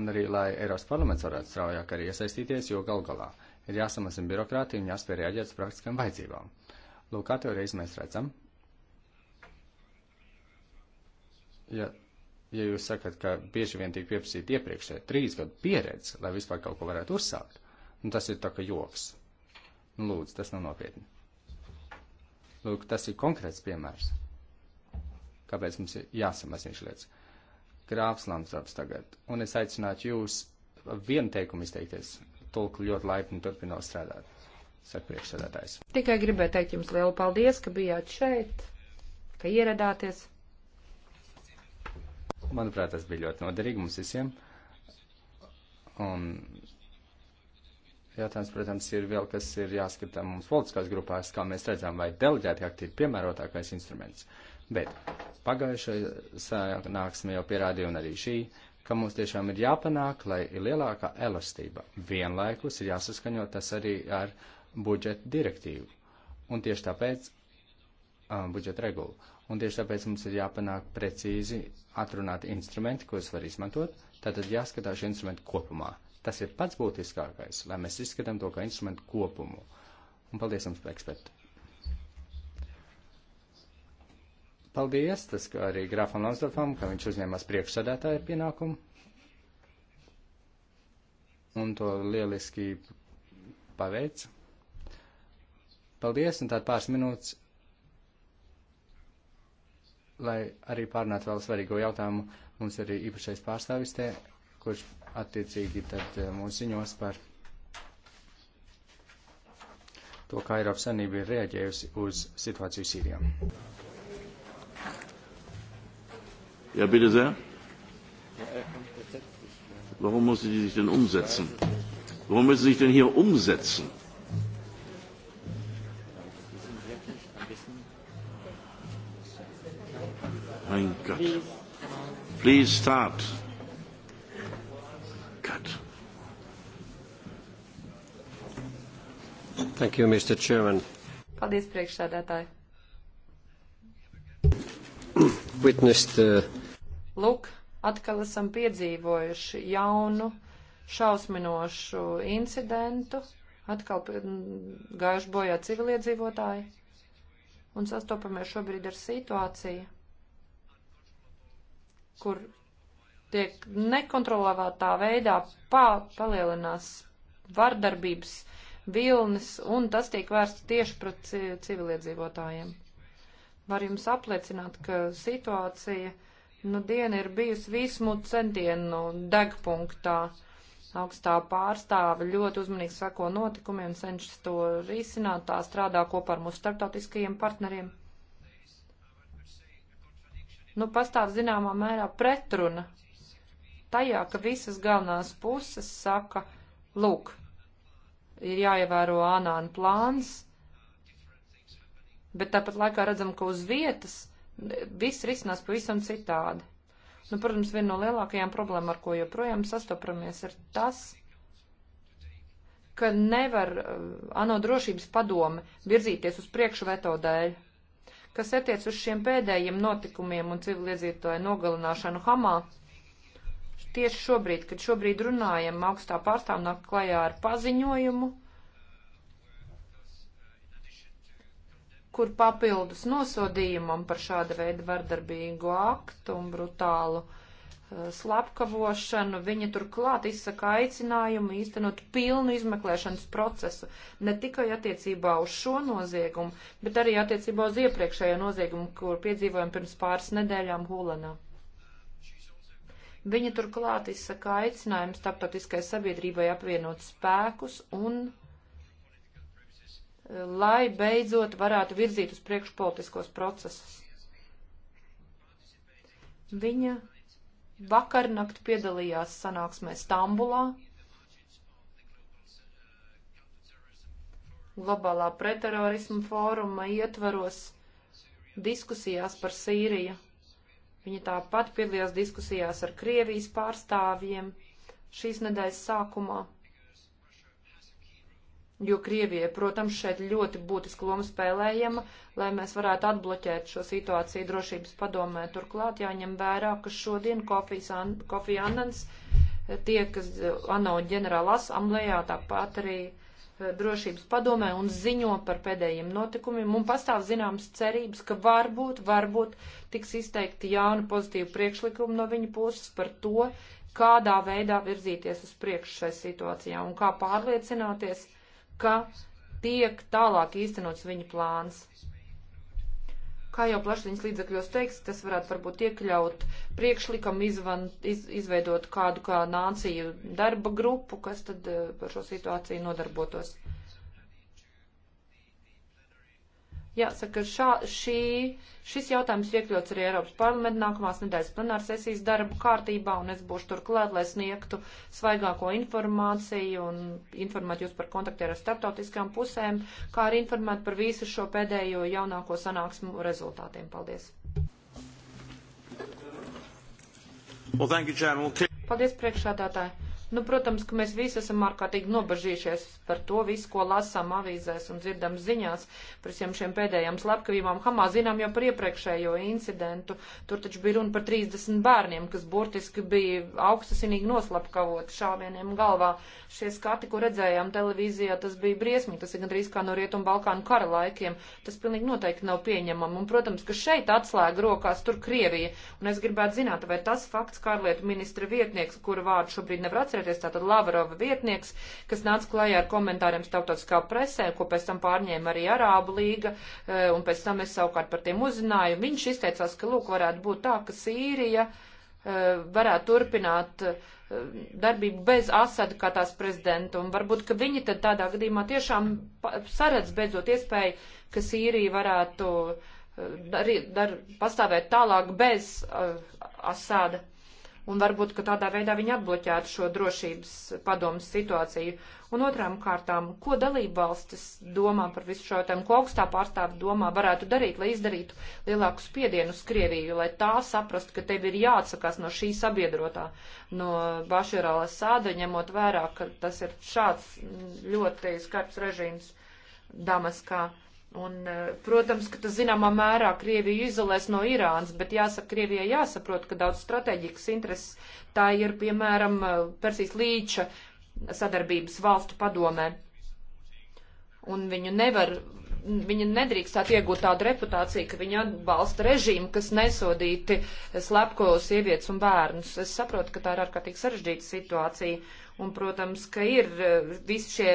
un arī, lai Eiropas parlaments varētu straujāk arī iesaistīties, jo gal galā ir jāsamazina birokrātija un jāspēj rēģēt uz praktiskām vajadzībām. Lūk, kā tev reiz mēs redzam. Ja, ja jūs sakat, ka bieži vien tiek pieprasīta iepriekšē trīs gadu pieredze, lai vispār kaut ko varētu uzsākt, Nu, tas ir tā kā joks. Nu, lūdzu, tas nav nopietni. Lūk, tas ir konkrēts piemērs. Kāpēc mums ir jāsamazina šī lietas? Grāfs Lamsdārs tagad. Un es aicinātu jūs vienu teikumu izteikties. Tulku ļoti laipni turpinot strādāt. Saka priekšsēdētājs. Tikai gribēju teikt jums lielu paldies, ka bijāt šeit, ka ieradāties. Manuprāt, tas bija ļoti noderīgi mums visiem. Un jautājums, protams, ir vēl, kas ir jāskatā mums politiskās grupās, kā mēs redzam, vai deleģēti akti ir piemērotākais instruments. Bet pagājušajā sanāksmē jau pierādīja un arī šī, ka mums tiešām ir jāpanāk, lai ir lielākā elastība. Vienlaikus ir jāsaskaņot tas arī ar budžeta direktīvu. Un tieši tāpēc um, budžeta regulu. Un tieši tāpēc mums ir jāpanāk precīzi atrunāti instrumenti, kurus var izmantot. Tātad jāskatās šie instrumenti kopumā Tas ir pats būtiskākais, lai mēs izskatām to kā instrumentu kopumu. Un paldies jums par ekspertu. Paldies, tas arī grāfam Lansdorfam, ka viņš uzņēmās priekšsādātāja pienākumu. Un to lieliski paveic. Paldies, un tātad pāris minūtes, lai arī pārnāt vēl svarīgo jautājumu. Mums arī īpašais pārstāvis te kurš attiecīgi tad eh, mūs ziņos par to, kā Eiropas Sanība ir reaģējusi uz situāciju Sīrijā. Ja, bitte sehr. Warum muss sie sich denn umsetzen? Warum müssen sie sich denn hier umsetzen? Mein Gott. Please start. Thank you, Mr. Chairman. Paldies, priekšsādātāji. Witnessed, uh... Lūk, atkal esam piedzīvojuši jaunu šausminošu incidentu, atkal gājuši bojā civiliedzīvotāji un sastopamies šobrīd ar situāciju, kur tiek nekontrolētā veidā pā, palielinās vardarbības uh, vilnis, un tas tiek vērsts tieši pret civiliedzīvotājiem. Var jums apliecināt, ka situācija nu diena ir bijusi vismu centienu degpunktā. Augstā pārstāve ļoti uzmanīgi sako notikumiem, cenšas to risināt, tā strādā kopā ar mūsu starptautiskajiem partneriem. Nu, pastāv zināmā mērā pretruna tajā, ka visas galvenās puses saka, lūk, ir jāievēro Anāna plāns, bet tāpat laikā redzam, ka uz vietas viss risinās pavisam citādi. Nu, protams, viena no lielākajām problēmām, ar ko joprojām sastopamies, ir tas, ka nevar eh, ANO drošības padome virzīties uz priekšu veto dēļ. Kas attiec uz šiem pēdējiem notikumiem un civiliedzītāju nogalināšanu Hamā, Tieši šobrīd, kad šobrīd runājam, augstā pārstāv nāk klajā ar paziņojumu, kur papildus nosodījumam par šāda veida vardarbīgu aktu un brutālu uh, eh, slepkavošanu, viņa turklāt izsaka aicinājumu īstenot pilnu izmeklēšanas procesu, ne tikai attiecībā uz šo noziegumu, bet arī attiecībā uz iepriekšējo noziegumu, kur piedzīvojam pirms pāris nedēļām Hulanā. Viņa turklāt izsaka aicinājums starptautiskai sabiedrībai apvienot spēkus un eh, lai beidzot varētu virzīt uz priekšu politiskos procesus. Viņa vakarnakt piedalījās sanāksmē Stambulā, globālā preterorismu fóruma ietvaros diskusijās par Sīriju. Viņa tāpat piedalījās diskusijās ar Krievijas pārstāvjiem šīs nedēļas sākumā. Jo Krievijai, protams, šeit ļoti būtiski loma spēlējama, lai mēs varētu atbloķēt šo situāciju drošības padomē. Turklāt jāņem vērā, ka šodien Kofi Annans, tie, kas ANO ģenerālās amlējā, tāpat arī uh, drošības padomē un ziņo par pēdējiem notikumiem. Un pastāv zināmas cerības, ka varbūt, varbūt tiks izteikti jauni pozitīvi priekšlikumi no viņa puses par to, kādā veidā virzīties uz priekšu šai situācijā un kā pārliecināties, ka tiek tālāk īstenots viņa plāns. Kā jau plašsaziņas līdzekļos teiks, tas varētu varbūt iekļaut priekšlikumu, izvan, iz, izveidot kādu kā nāciju darba grupu, kas tad eh, par šo situāciju nodarbotos. Jāsaka, šā, šī, šis jautājums ir iekļauts arī Eiropas parlamenta nākamās nedēļas plenāra sesijas darbu kārtībā, un es būšu tur klāt, lai sniegtu svaigāko informāciju un informētu jūs par kontaktiem ar starptautiskām pusēm, kā arī informēt par visu šo pēdējo jaunāko sanāksmu rezultātiem. Paldies! Well, you, Paldies, priekšādātāji! Nu, protams, ka mēs visi esam ārkārtīgi nobažījušies par to visu, ko lasām avīzēs un dzirdam ziņās par visiem šiem pēdējām slepkavībām. Hamā zinām jau par iepriekšējo incidentu. Tur taču bija runa par 30 bērniem, kas burtiski bija augstasinīgi noslapkavoti šāvieniem galvā. Šie skati, ko redzējām televīzijā, tas bija briesmīgi. Tas ir gandrīz kā no Rietumu Balkānu kara laikiem. Tas pilnīgi noteikti nav pieņemam. Un, protams, ka šeit atslēga rokās tur Krievija. Un es gribētu zināt, vai tas fakts, kā ārlietu ministra vietnieks, kuru vārdu šobrīd nevar atcerēties, atcerieties, tātad Lavrova vietnieks, kas nāca klajā ar komentāriem starptautiskā presē, ko pēc tam pārņēma arī Arābu līga, e, un pēc tam es savukārt par tiem uzzināju. Viņš izteicās, ka, lūk, varētu būt tā, ka Sīrija e, varētu turpināt e, darbību bez Asada kā tās prezidenta, un varbūt, ka viņi tad tādā gadījumā tiešām saredz beidzot iespēju, ka Sīrija varētu dar, dar, pastāvēt tālāk bez uh, Asada. Uh, un varbūt, ka tādā veidā viņi atbloķētu šo drošības padomas situāciju. Un otrām kārtām, ko dalība valstis domā par visu šo tēmu, ko augstā pārstāve domā varētu darīt, lai izdarītu lielāku spiedienu uz Krieviju, lai tā saprastu, ka tev ir jāatsakās no šī sabiedrotā, no Baširāla sāda, ņemot vērā, ka tas ir šāds ļoti skarbs režīms Damaskā. Kā Un, eh, protams, ka tas zināmā mērā Krieviju izolēs no Irānas, bet jāsaka, Krievijai jāsaprot, ka daudz strateģikas intereses tā ir, piemēram, eh, Persijas līča sadarbības valstu padomē. Un viņu nevar, viņi nedrīkstāt iegūt tādu reputāciju, ka viņi atbalsta režīmu, kas nesodīti slepko sievietes un bērnus. Es saprotu, ka tā ir ārkārtīgi sarežģīta situācija. Un, protams, ka ir eh, visi šie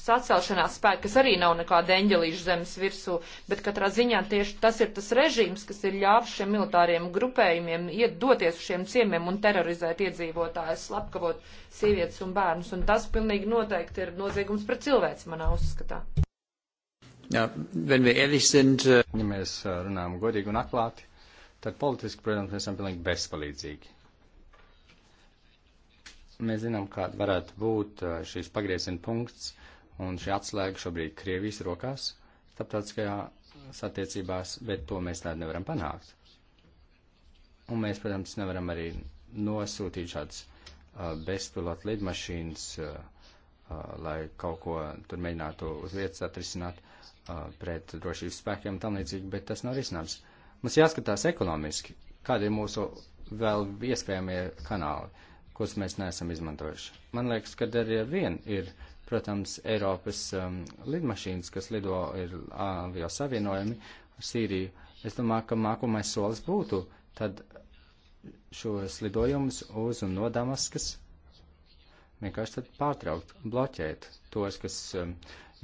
sacelšanās spēki, kas arī nav nekāda eņģelīša zemes virsū, bet katrā ziņā tieši tas ir tas režīms, kas ir ļāvis šiem militāriem grupējumiem iet doties uz šiem ciemiem un terorizēt iedzīvotājus, slapkavot sievietes un bērnus, un tas pilnīgi noteikti ir noziegums pret cilvēci manā uzskatā. Ja, wenn wir ehrlich sind, äh, ja mēs äh, runājam godīgi un atklāti, tad politiski, protams, mēs esam pilnīgi bezpalīdzīgi. Mēs zinām, kāda varētu būt äh, šīs pagrieziena punkts, Un šī atslēga šobrīd Krievijas rokās starptautiskajā satiecībās, bet to mēs tādu nevaram panākt. Un mēs, protams, nevaram arī nosūtīt šāds uh, bezpilotu lidmašīnas, uh, uh, lai kaut ko tur mēģinātu uz vietas atrisināt uh, pret drošības spēkiem un tam līdzīgi, bet tas nav risinājums. Mums jāskatās ekonomiski, kādi ir mūsu vēl iespējamie kanāli, kurus mēs neesam izmantojuši. Man liekas, ka arī ar vienu ir Protams, Eiropas um, lidmašīnas, kas lido, ir avio savienojumi ar Sīriju. Es domāju, ka mākumais solis būtu tad šos lidojumus uz un no Damaskas vienkārši tad pārtraukt, bloķēt tos, kas um,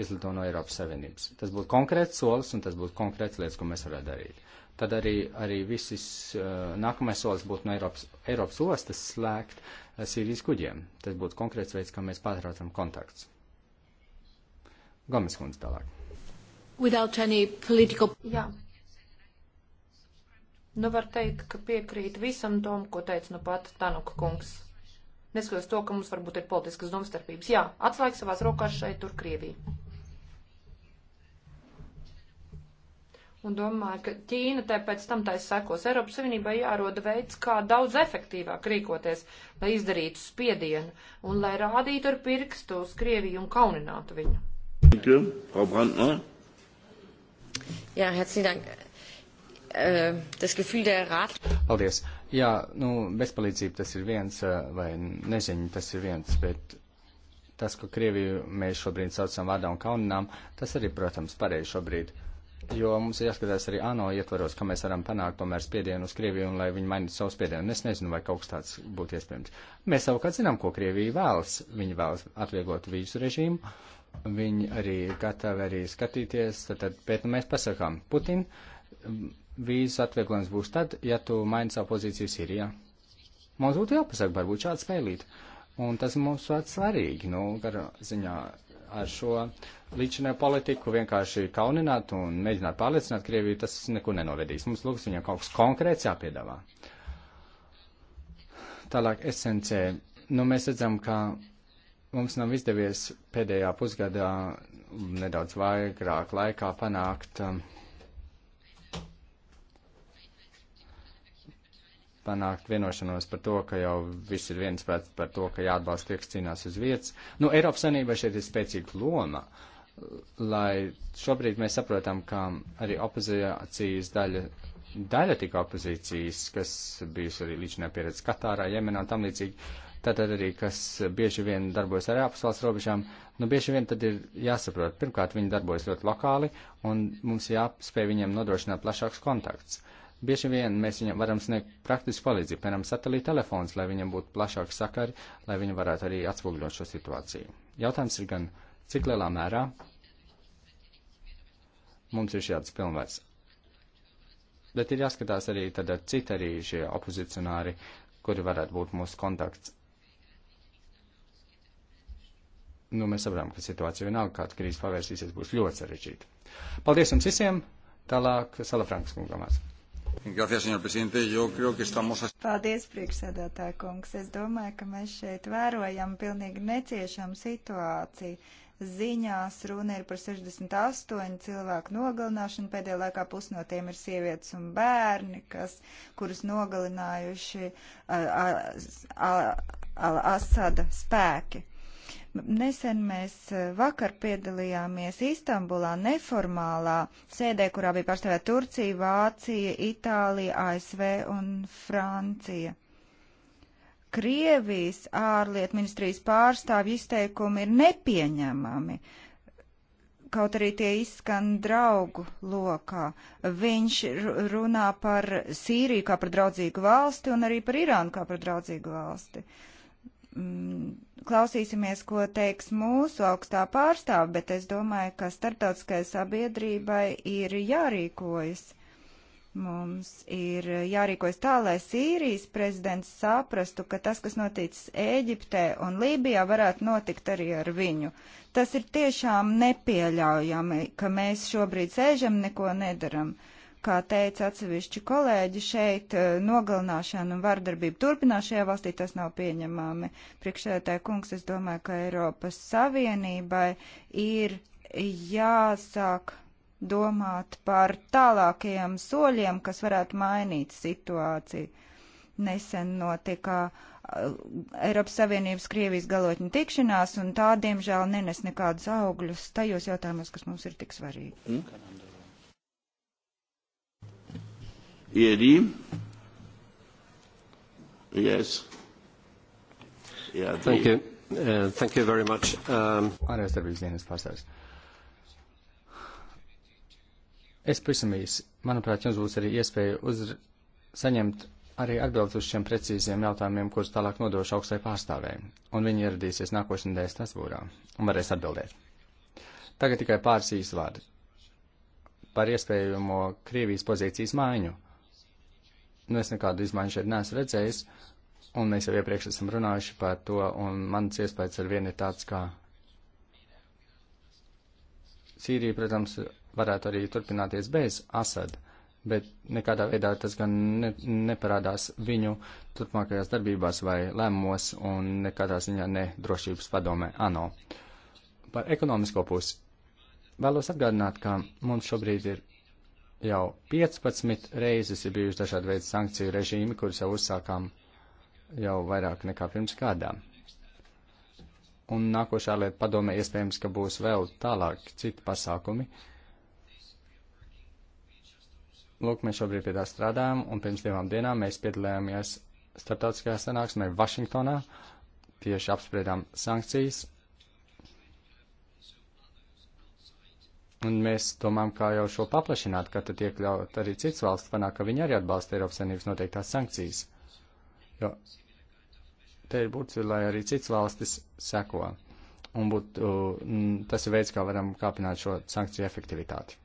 izlido no Eiropas Savienības. Tas būtu konkrēts solis un tas būtu konkrēts lietas, ko mēs varētu darīt. Tad arī, arī visis uh, nākamais solis būtu no Eiropas, Eiropas ostas slēgt uh, Sīrijas kuģiem. Tas būtu konkrēts veids, kā mēs pārtraucam kontakts. Gomes kundze tālāk. Without any political. Jā. Nu, var teikt, ka piekrīt visam tom, ko teica nu pat Tanuka kungs. Neskatoties to, ka mums varbūt ir politiskas domstarpības. Jā, atslēg savās rokās šeit, tur Krievija. un domāju, ka Ķīna tāpēc tam tais sekos. Eiropas Savienībai jāroda veids, kā daudz efektīvāk rīkoties, lai izdarītu spiedienu un lai rādītu ar pirkstu uz Krieviju un kauninātu viņu. Frau Brandner. Jā, herzlichen Dank. Tas äh, gefühl der Rat. Paldies. Jā, nu, bezpalīdzība tas ir viens, vai neziņa tas ir viens, bet tas, ko Krieviju mēs šobrīd saucam vārdā un kauninām, tas arī, protams, pareizi šobrīd. Jo mums ir jāskatās arī ANO ietvaros, ka mēs varam panākt tomēr spiedienu uz Krieviju un lai viņi mainītu savu spiedienu. Es nezinu, vai kaut kas tāds būtu iespējams. Mēs savukārt zinām, ko Krievija vēlas. Viņi vēlas atvieglot vīzu režīmu Viņi arī gatavi arī skatīties, tad, tad pēc nu mēs pasakām, Putin, vīzas atvieglojums būs tad, ja tu maini savu pozīciju Sīrijā. Mums būtu jāpasaka, varbūt šāds spēlīt. Un tas mums ir svarīgi, nu, garā ziņā ar šo līdšanai politiku vienkārši kaunināt un mēģināt pārliecināt Krieviju, tas neko nenovedīs. Mums lūgs viņam kaut kas konkrēts jāpiedāvā. Tālāk SNC. Nu, mēs redzam, ka mums nav izdevies pēdējā pusgadā nedaudz vairāk laikā panākt, um, panākt vienošanos par to, ka jau viss ir viens pēc par to, ka jāatbalsta tie, kas cīnās uz vietas. Nu, Eiropas Sanība šeit ir spēcīga loma, lai šobrīd mēs saprotam, ka arī opozīcijas daļa daļa tika opozīcijas, kas bijusi arī līdzinā pieredze Katārā, Jemenā un tam līdzīgi, tātad arī, kas bieži vien darbojas ar ārpusvalsts robežām, nu bieži vien tad ir jāsaprot, pirmkārt, viņi darbojas ļoti lokāli, un mums jāspēj viņiem nodrošināt plašāks kontakts. Bieži vien mēs viņam varam sniegt praktisku palīdzību, piemēram, satelīta telefons, lai viņam būtu plašāk sakari, lai viņi varētu arī atspoguļot šo situāciju. Jautājums ir gan, cik lielā mērā mums ir šāds pilnvērs. Bet ir jāskatās arī tad ar citi arī šie opozicionāri, kuri varētu būt mūsu kontakts. nu, mēs saprotam, ka situācija vienalga, kāda krīze pavērsīsies, būs ļoti sarežģīta. Paldies jums visiem! Tālāk Salafrankas kungamās. Gracias, señor presidente. Yo creo que estamos... Paldies, priekšsēdētāja kungs. Es domāju, ka mēs šeit vērojam pilnīgi neciešam situāciju. Ziņās runa ir par 68 cilvēku nogalināšanu. Pēdējā laikā pus no tiem ir sievietes un bērni, kas, kurus nogalinājuši Asada spēki. Nesen mēs eh, vakar piedalījāmies Istambulā neformālā sēdē, kurā bija pārstāvēta Turcija, Vācija, Itālija, ASV un Francija. Krievijas ārlietu ministrijas pārstāvju izteikumi ir nepieņemami. Kaut arī tie izskan draugu lokā. Viņš runā par Sīriju kā par draudzīgu valsti un arī par Irānu kā par draudzīgu valsti. Uh, Mm, klausīsimies, ko teiks mūsu augstā pārstāva, bet es domāju, ka starptautiskai sabiedrībai ir jārīkojas. Mums ir jārīkojas tā, lai Sīrijas prezidents saprastu, ka tas, kas noticis Ēģiptē un Lībijā, varētu notikt arī ar viņu. Tas ir tiešām nepieļaujami, ka mēs šobrīd sēžam, neko nedaram. Uh, kā teica atsevišķi kolēģi, šeit eh, nogalināšana un vardarbība turpinās šajā valstī, tas nav pieņemami. Priekšsēdētāji kungs, es domāju, ka Eiropas Savienībai ir jāsāk domāt par tālākajiem soļiem, kas varētu mainīt situāciju. Nesen notika eh, Eiropas Savienības Krievijas galotņu tikšanās, un tā, diemžēl, nenes nekādus augļus tajos jautājumos, kas mums ir tik svarīgi. Mm. EAD? Yes. EAD. Thank you. Uh, thank you very much. Um... Ārējās darbības dienas pārstāvis. Es pavisam īsi. Manuprāt, jums būs arī iespēja uz... saņemt arī atbildes uz šiem precīziem jautājumiem, kurus tālāk nodošu augstai pārstāvēji. Un viņi ieradīsies nākošajā nedēļā Strasbūrā un varēs atbildēt. Tagad tikai pāris īsi vārdi par iespējamo Krievijas pozīcijas maiņu nu, es nekādu izmaiņu šeit neesmu redzējis, un mēs jau iepriekš esam runājuši par to, un mans iespējas ar vienu ir tāds, ka Sīrija, protams, varētu arī turpināties bez Asad, bet nekādā veidā tas gan ne, neparādās viņu turpmākajās darbībās vai lēmumos, un nekādā ziņā ne drošības padomē ANO. Par ekonomisko pusi. Vēlos atgādināt, ka mums šobrīd ir Jau 15 reizes ir bijuši dažādi veidi sankciju režīmi, kurus jau uzsākām jau vairāk nekā pirms gadām. Un nākošā lieta padomē iespējams, ka būs vēl tālāk citi pasākumi. Lūk, mēs šobrīd pie tā strādājam, un pirms divām dienām mēs piedalījāmies starptautiskajā sanāksmē Vašingtonā, tieši apspriedām sankcijas Un mēs domājam, kā jau šo paplašināt, ka tad iekļaut arī cits valsts, panāk, ka viņi arī atbalsta Eiropas Savienības noteiktās sankcijas. Jo te ir būtiski, lai arī cits valstis seko. Un būtu, mm, tas ir veids, kā varam kāpināt šo sankciju efektivitāti.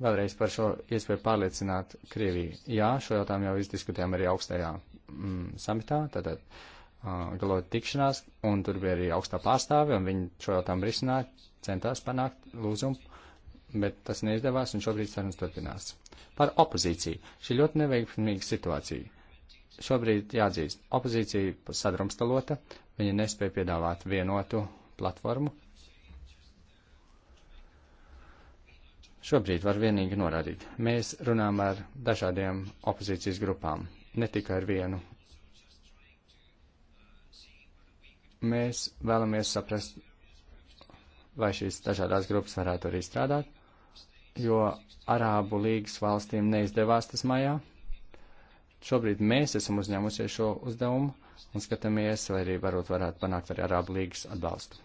Vēlreiz par šo iespēju pārliecināt Krieviju. Jā, šo jautājumu jau izdiskutējām arī augstajā mm, samitā. Tātad galot tikšanās, un tur bija arī augstā pārstāve, un viņi šo jautājumu risināt, centās panākt lūzumu, bet tas neizdevās, un šobrīd sarunas turpinās. Par opozīciju. Šī ļoti neveiksmīga situācija. Šobrīd jāatzīst, opozīcija sadrumstalota, viņa nespēja piedāvāt vienotu platformu. Šobrīd var vienīgi norādīt. Mēs runājam ar dažādiem opozīcijas grupām, ne tikai ar vienu Mēs vēlamies saprast, vai šīs dažādās grupas varētu arī strādāt, jo Arābu līgas valstīm neizdevās tas maijā. Šobrīd mēs esam uzņēmusies šo uzdevumu un skatāmies, vai arī varbūt varētu panākt arī Arābu līgas atbalstu.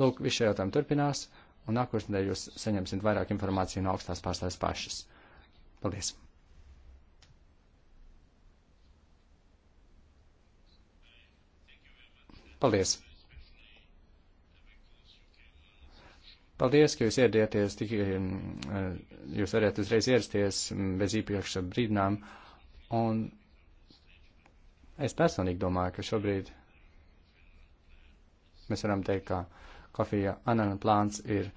Lūk, viss šie jautājumi turpinās, un nākošajā nedēļā jūs saņemsiet vairāk informāciju no augstās pārstāvis pašas. Paldies! Paldies! Paldies, ka jūs ieradieties, tikai um, uh, jūs varat uzreiz ierasties um, bez īpašas brīdinām. Un es personīgi domāju, ka šobrīd mēs varam teikt, ka kofija anana plāns ir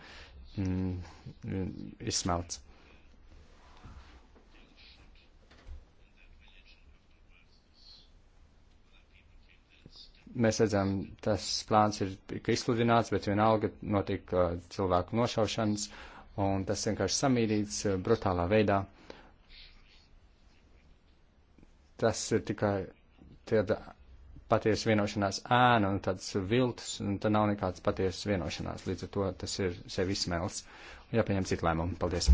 mm, izsmelts. mēs redzam, tas plāns ir izsludināts, bet vienalga notika uh, cilvēku nošaušanas, un tas vienkārši samīrīts uh, brutālā veidā. Tas ir tikai tāda patiesa vienošanās ēna un tāds viltus, un tā nav nekāds patiesa vienošanās. Līdz ar to tas ir sevi izsmēls. Jāpieņem citu lēmumu. Paldies!